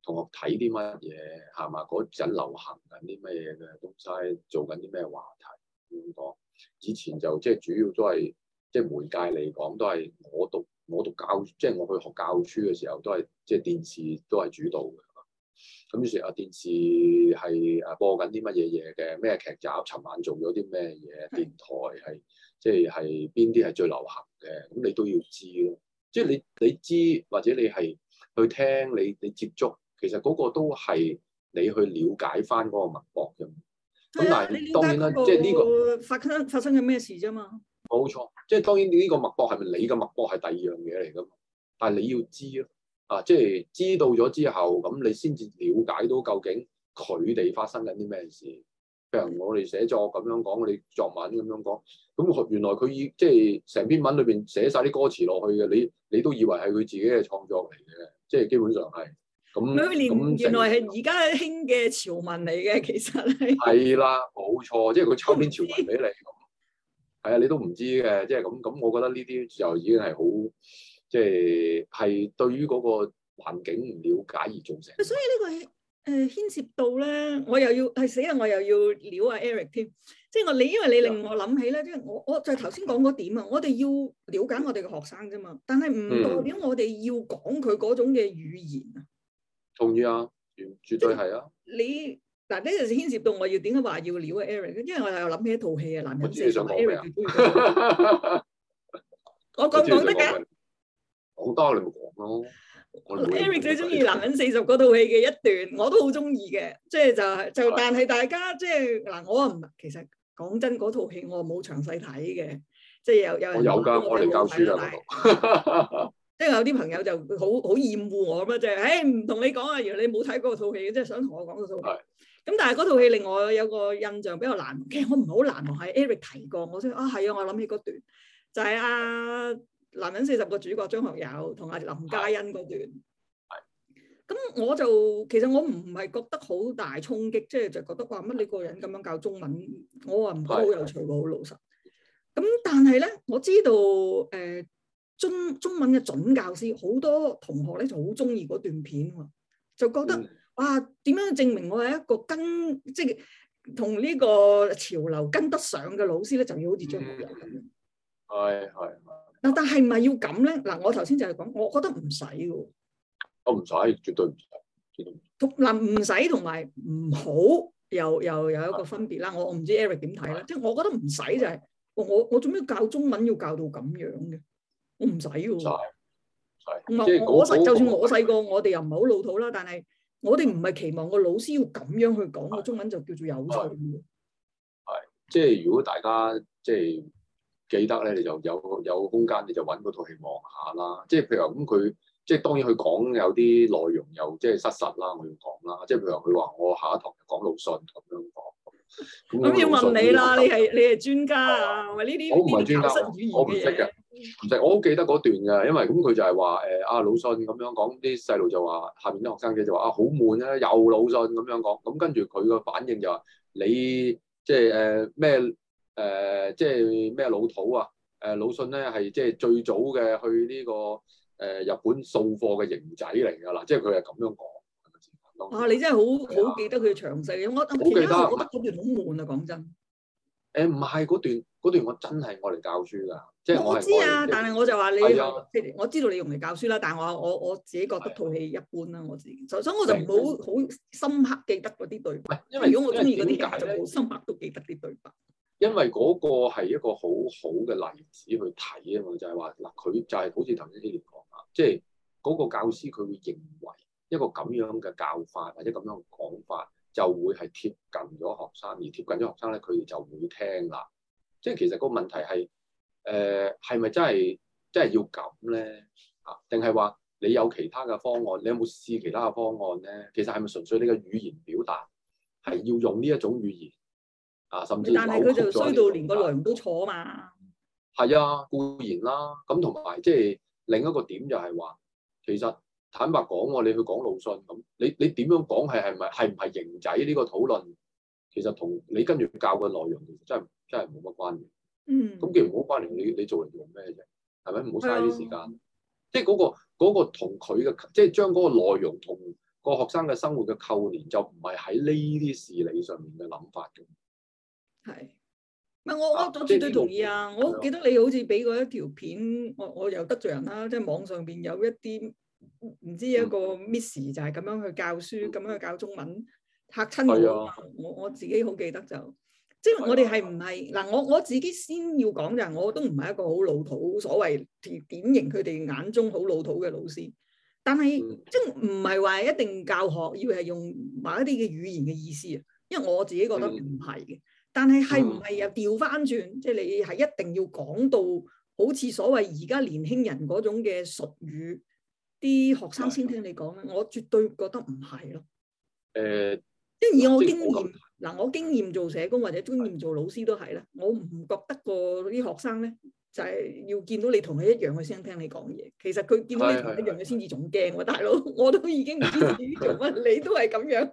同學睇啲乜嘢係嘛？嗰陣流行緊啲乜嘢嘅東西，做緊啲咩話題？點、嗯、講？以前就即係、就是、主要都係即係媒介嚟講，都係我讀我讀教即係、就是、我去學教書嘅時候都，都係即係電視都係主導嘅。咁時啊，電視係啊播緊啲乜嘢嘢嘅咩劇集？尋晚做咗啲咩嘢？電台係即係係邊啲係最流行嘅？咁你都要知咯。即、就、係、是、你你知或者你係去聽你你接觸。其實嗰個都係你去了解翻嗰個脈搏嘅。咁但係、啊、當然啦，即係呢個發生發生緊咩事啫嘛？冇錯，即係當然呢個脈搏係咪你嘅脈搏係第二樣嘢嚟嘛。但係你要知咯，啊，即係知道咗之後，咁你先至了解到究竟佢哋發生緊啲咩事。譬如我哋寫作咁樣講，我哋作文咁樣講，咁原來佢即係成篇文裏邊寫晒啲歌詞落去嘅，你你都以為係佢自己嘅創作嚟嘅，即係基本上係。咁咁，原來係而家興嘅潮文嚟嘅，其實係係啦，冇 錯，即係佢抽篇潮文俾你咁，係啊，你都唔知嘅，即係咁咁，我覺得呢啲就已經係好，即係係對於嗰個環境唔了解而造成。所以呢個誒、呃、牽涉到咧，我又要係死啦！我又要撩阿 Eric 添，即係我你因為你令我諗起咧，即係的我我就頭先講嗰點啊，我哋要了解我哋嘅學生啫嘛，但係唔代表我哋要講佢嗰種嘅語言啊。嗯。同意啊，絕對係啊！你嗱呢個牽涉到我要點樣話要撩啊，Eric，因為我又諗起一套戲啊，《男人四十》。我知道你想講咩，我講講得㗎。好多你咪講咯。Eric 最中意《男人四十》嗰套戲嘅一段，我都好中意嘅，即係就係就但係大家即係嗱，我唔其實講真嗰套戲我冇詳細睇嘅，即係有有，有㗎，我嚟教書㗎。即係有啲朋友就好好厭惡我嘛，即係，唉唔同你講啊，原來你冇睇過套戲嘅，即係想同我講個套戲。咁但係嗰套戲令我有個印象比較難。其實我唔好難忘係 Eric 提過，我先啊，係啊，我諗起嗰段就係阿男人四十個主角張學友同阿林嘉欣嗰段。咁我就其實我唔係覺得好大衝擊，即係就覺得哇乜呢個人咁樣教中文，我話唔係好有趣喎，好老實。咁但係咧，我知道誒。中中文嘅準教師，好多同學咧就好中意嗰段片喎，就覺得哇點、嗯啊、樣證明我係一個跟即係同呢個潮流跟得上嘅老師咧，就要好似張學友咁。係係嗱，哎哎、但係唔係要咁咧？嗱、啊，我頭先就係講，我覺得唔使嘅。我唔使，絕對唔使。同嗱唔使同埋唔好，又又，又有一個分別啦、啊。我我唔知 Eric 點睇啦，即係、啊、我覺得唔使就係、係、我我我做咩教中文要教到咁樣嘅？唔使喎，即係我細就算我細個，我哋又唔係好老土啦。但係我哋唔係期望個老師要咁樣去講個中文就叫做有趣嘅。即係如果大家即係記得咧，你就有有空間你就揾嗰套戲望下啦。即係譬如話咁，佢即係當然佢講有啲內容又即係失實啦，我要講啦。即係譬如佢話我下一堂講魯迅咁樣講。咁要問你啦，你係你係專家啊？咪呢啲我唔係專家，我唔識嘅，唔識、嗯。我好記得嗰段噶，因為咁佢就係話誒，啊魯迅咁樣講，啲細路就話下邊啲學生嘅就話啊好悶啊，又魯迅咁樣講。咁跟住佢個反應就話你即係誒咩誒即係咩、呃呃、老土啊？誒魯迅咧係即係最早嘅去呢、呢個誒、呃、日本掃貨嘅型仔嚟噶啦，即係佢係咁樣講。啊！你真係好好記得佢嘅詳細嘅，我我記得嗰段好悶啊，講真。誒唔係嗰段，嗰段我真係我嚟教書㗎。我知啊，但係我就話你，我知道你用嚟教書啦。但係我我我自己覺得套戲一般啦，我自己，首先我就唔好好深刻記得嗰啲對白。因為如果我中意嗰啲人，就好深刻都記得啲對白。因為嗰個係一個好好嘅例子去睇啊嘛，就係話嗱，佢就係好似頭先呢嘢講啊，即係嗰個教師佢會認為。一個咁樣嘅教法或者咁樣講法，就會係貼近咗學生，而貼近咗學生咧，佢哋就會聽啦。即係其實個問題係，誒係咪真係真係要咁咧？啊，定係話你有其他嘅方案？你有冇試其他嘅方案咧？其實係咪純粹你嘅語言表達係要用呢一種語言啊？甚至但係佢就衰到連個內容都錯啊嘛。係啊，固然啦，啊。咁同埋即係另一個點就係話，其實。坦白講喎，你去講魯迅咁，你你點樣講係係咪係唔係型仔呢個討論？其實同你跟住教嘅內容，其實真、真係真係冇乜關聯。嗯，咁既然冇關聯，你你做做咩啫？係咪唔好嘥啲時間？啊、即係嗰、嗰個同佢嘅即係將嗰個內容同個學生嘅生活嘅扣連，就唔係喺呢啲事理上面嘅諗法嘅。係，唔係我我絕對同意啊！我記得你好似俾過一條片，我我又得罪人啦，即係網上邊有一啲。唔知、嗯、有一個 Miss 就係咁樣去教書，咁、嗯、樣去教中文，嚇親我。我自己好記得就，即係我哋係唔係嗱？我我自己先要講就係，我都唔係一個好老土，所謂典型佢哋眼中好老土嘅老師。但係、嗯、即係唔係話一定教學要係用某一啲嘅語言嘅意思啊？因為我自己覺得唔係嘅。嗯、但係係唔係又調翻轉？即係、嗯就係、你係一定要講到好似所謂而家年輕人嗰種嘅俗語。啲學生先聽你講咧，的我絕對覺得唔係咯。誒、呃，即係以我經驗，嗱，我經驗做社工或者經驗做老師都係啦。的我唔覺得個啲學生咧，就係、是、要見到你同佢一樣嘅先聽你講嘢。其實佢見到你同一樣嘅先至仲驚，大佬我都已經唔知自己做乜， 你都係咁樣。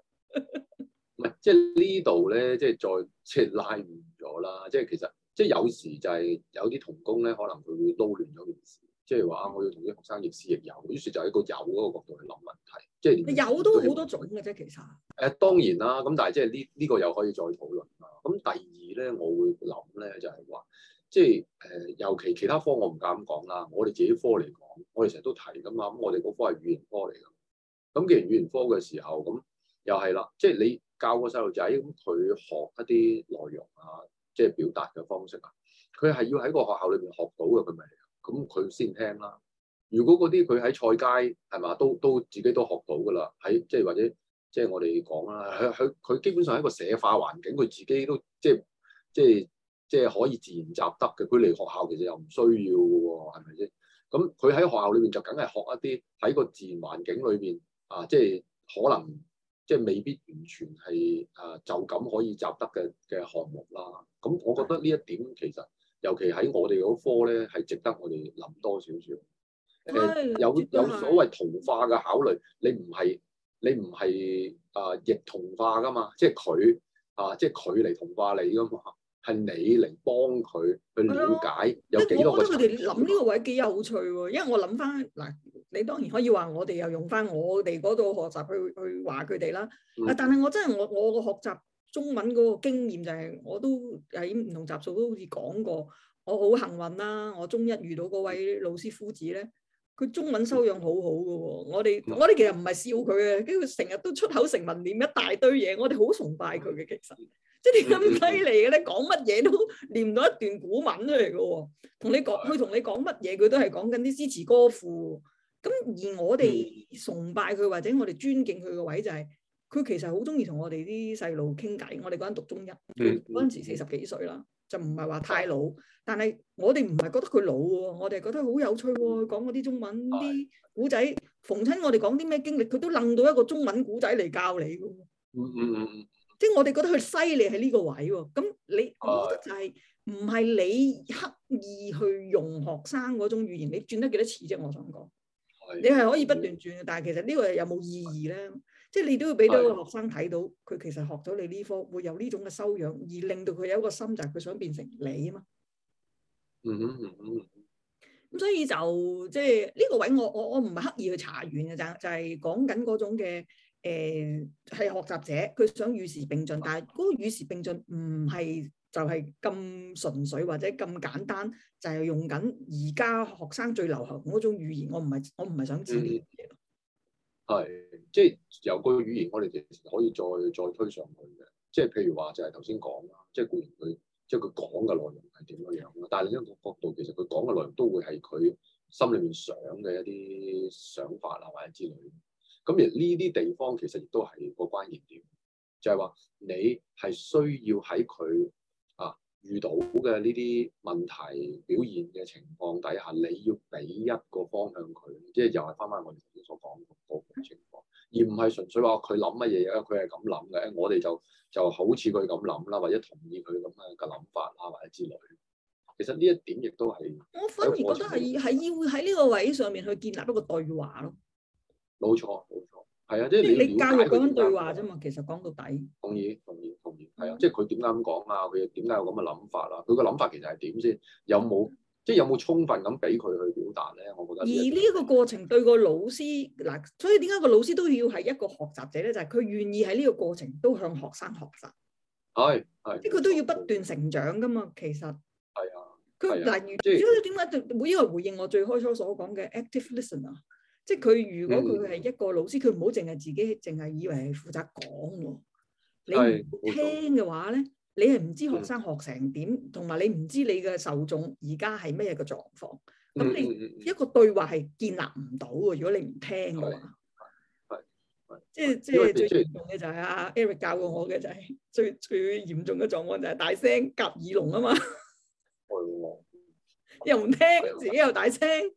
唔 係，即係呢度咧，即係再即拉遠咗啦。即係其實，即係有時就係有啲同工咧，可能佢會撈亂咗件事。即係話啊！我要同啲學生亦師亦友，於是就喺個友嗰個角度去諗問題。即係友都好多種嘅啫，其實誒、呃、當然啦。咁但係即係呢呢個又可以再討論啦。咁第二咧，我會諗咧就係話，即係誒，尤其其他科我唔敢講啦。我哋自己科嚟講，我哋成日都提噶嘛。咁我哋嗰科係語言科嚟㗎。咁既然語言科嘅時候咁，又係啦，即係你教個細路仔，咁佢學一啲內容啊，即係表達嘅方式啊，佢係要喺個學校裏邊學到嘅，佢咪。咁佢先聽啦。如果嗰啲佢喺菜街係嘛，都都自己都學到㗎啦。喺即係或者即係我哋講啦，佢佢佢基本上係一個社化環境，佢自己都即係即係即係可以自然習得嘅。佢嚟學校其實又唔需要㗎喎，係咪先？咁佢喺學校裏邊就梗係學一啲喺個自然環境裏邊啊，即係可能即係未必完全係啊就咁可以習得嘅嘅項目啦。咁我覺得呢一點其實～尤其喺我哋嗰科咧，係值得我哋諗多少少。誒有有所謂同化嘅考慮，你唔係你唔係啊逆同化噶嘛，即係佢啊，即係佢嚟同化你噶嘛，係你嚟幫佢去了解有幾多？誒，我覺得佢哋諗呢個位幾有趣喎，因為我諗翻嗱，你當然可以話我哋又用翻我哋嗰度學習去去話佢哋啦。啊，但係我真係我我個學習。中文嗰個經驗就係，我都喺唔同集數都好似講過，我好幸運啦！我中一遇到嗰位老師夫子咧，佢中文修養好好嘅喎。我哋我哋其實唔係笑佢嘅，跟住成日都出口成文，念一大堆嘢。我哋好崇拜佢嘅，其實即係你咁犀利嘅咧，講乜嘢都唸到一段古文嚟嘅喎。同你講，佢同你講乜嘢，佢都係講緊啲詩詞歌賦。咁而我哋崇拜佢或者我哋尊敬佢嘅位就係。佢其實好中意同我哋啲細路傾偈。我哋嗰陣讀中一，嗰陣的時四十幾歲啦，就唔係話太老。但係我哋唔係覺得佢老喎，我哋覺得好有趣喎、哦。講嗰啲中文啲古仔，逢親我哋講啲咩經歷，佢都愣到一個中文古仔嚟教你嘅。的即係我哋覺得佢犀利喺呢個位喎、哦。咁你，我覺得就係唔係你刻意去用學生嗰種語言？你轉得幾多次啫？我想講，的你係可以不斷轉，但係其實呢個有冇意義咧？即係你都要俾到個學生睇到，佢的其實學咗你呢科會有呢種嘅修養，而令到佢有一個心，就係佢想變成你啊嘛、嗯。嗯哼，咁、嗯嗯、所以就即係呢個位我，我我我唔係刻意去查完嘅，咋，就係講緊嗰種嘅誒，係、呃、學習者佢想與時並進，嗯、但係嗰個與時並進唔係就係咁純粹或者咁簡單，就係、是、用緊而家學生最流行嗰種語言。我唔係我唔係想知呢啲嘢。嗯係，即係由個語言，我哋其實可以再再推上去嘅。即係譬如話，就係頭先講啦，即係固然佢，即係佢講嘅內容係點樣樣，但係另一個角度，其實佢講嘅內容都會係佢心裏面想嘅一啲想法啦，或者之類。咁而呢啲地方其實亦都係個關鍵點，就係話你係需要喺佢遇到嘅呢啲問題表現嘅情況底下，你要俾一個方向佢，即係又係翻翻我哋頭先所講嗰個情況，而唔係純粹話佢諗乜嘢啊，因為佢係咁諗嘅，我哋就就好似佢咁諗啦，或者同意佢咁嘅嘅諗法啦，或者之類。其實呢一點亦都係，我反而覺得係係要喺呢個位上面去建立一個對話咯。嗯、冇錯，冇錯。係啊，即係你教育嗰種對話啫嘛。其實講到底，同意，同意，同意，係啊。即係佢點解咁講啊？佢點解有咁嘅諗法啊？佢個諗法其實係點先？有冇即係有冇充分咁俾佢去表達咧？我覺得。而呢個過程對個老師嗱，所以點解個老師都要係一個學習者咧？就係、是、佢願意喺呢個過程都向學生學習。係係。即係佢都要不斷成長㗎嘛，其實。係啊。佢例如，如果點解會因為回應我最開初所講嘅 active listener？即係佢，如果佢係、嗯、一個老師，佢唔好淨係自己，淨係以為係負責講喎。你唔聽嘅話咧，你係唔知學生學成點，同埋你唔知你嘅受眾而家係咩嘅狀況。咁你一個對話係建立唔到嘅，如果你唔聽嘅話。係。係。即係即係最嚴重嘅就係阿 Eric 教過我嘅就係、係、最最嚴重嘅狀況就係大聲夾耳聾啊嘛。又唔聽，自己又大聲。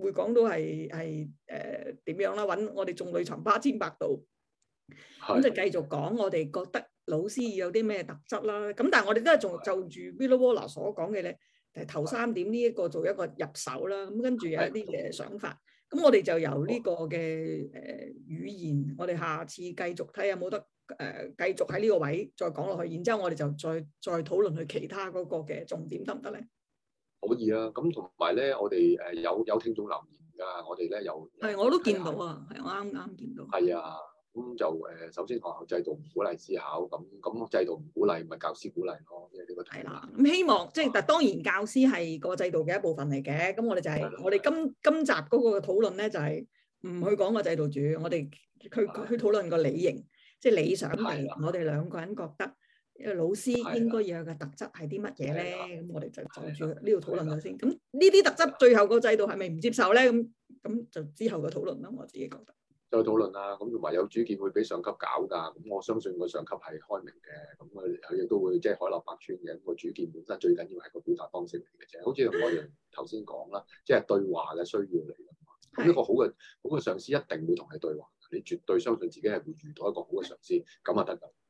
會講到係係誒點樣啦？搵我哋眾裏尋他千百度，咁的就繼續講我哋覺得老師有啲咩特質啦。咁但係我哋都係仲就住 Willow Wall 所講嘅咧、呃，頭三點呢一個做一個入手啦。咁跟住有一啲嘅想法。咁的我哋就由呢個嘅誒、呃、語言，我哋下次繼續睇下，冇得誒繼續喺呢個位再講落去。然之後我哋就再再討論去其他嗰個嘅重點得唔得咧？行可以啊，咁同埋咧，我哋誒有有聽眾留言㗎，我哋咧有係，我都見到啊，係我啱啱見到。係啊，咁就誒，首先學校制度唔鼓勵思考，咁咁制度唔鼓勵，咪教師鼓勵咯，因為呢個係啦。咁希望即係，但當然教師係個制度嘅一部分嚟嘅。咁我哋就係、是、的我哋今今集嗰個討論咧、就是，就係唔去講個制度主，我哋佢佢去討論個理型，即係理想係我哋兩個人覺得。的誒老師應該要有嘅特質係啲乜嘢咧？咁的我哋就就住呢度討論咗先。咁呢啲特質最後個制度係咪唔接受咧？咁咁就之後嘅討論啦。我自己覺得再討論啦。咁同埋有主見會俾上級搞㗎。咁我相信個上級係開明嘅。咁佢佢亦都會即係、就是、海納百川嘅。咁、那個主見本身最緊要係個表達方式嚟嘅啫。好似我哋頭先講啦，即係 對話嘅需要嚟㗎嘛。咁一個好嘅好嘅上司一定會同你對話。你絕對相信自己係會遇到一個好嘅上司，咁啊得㗎。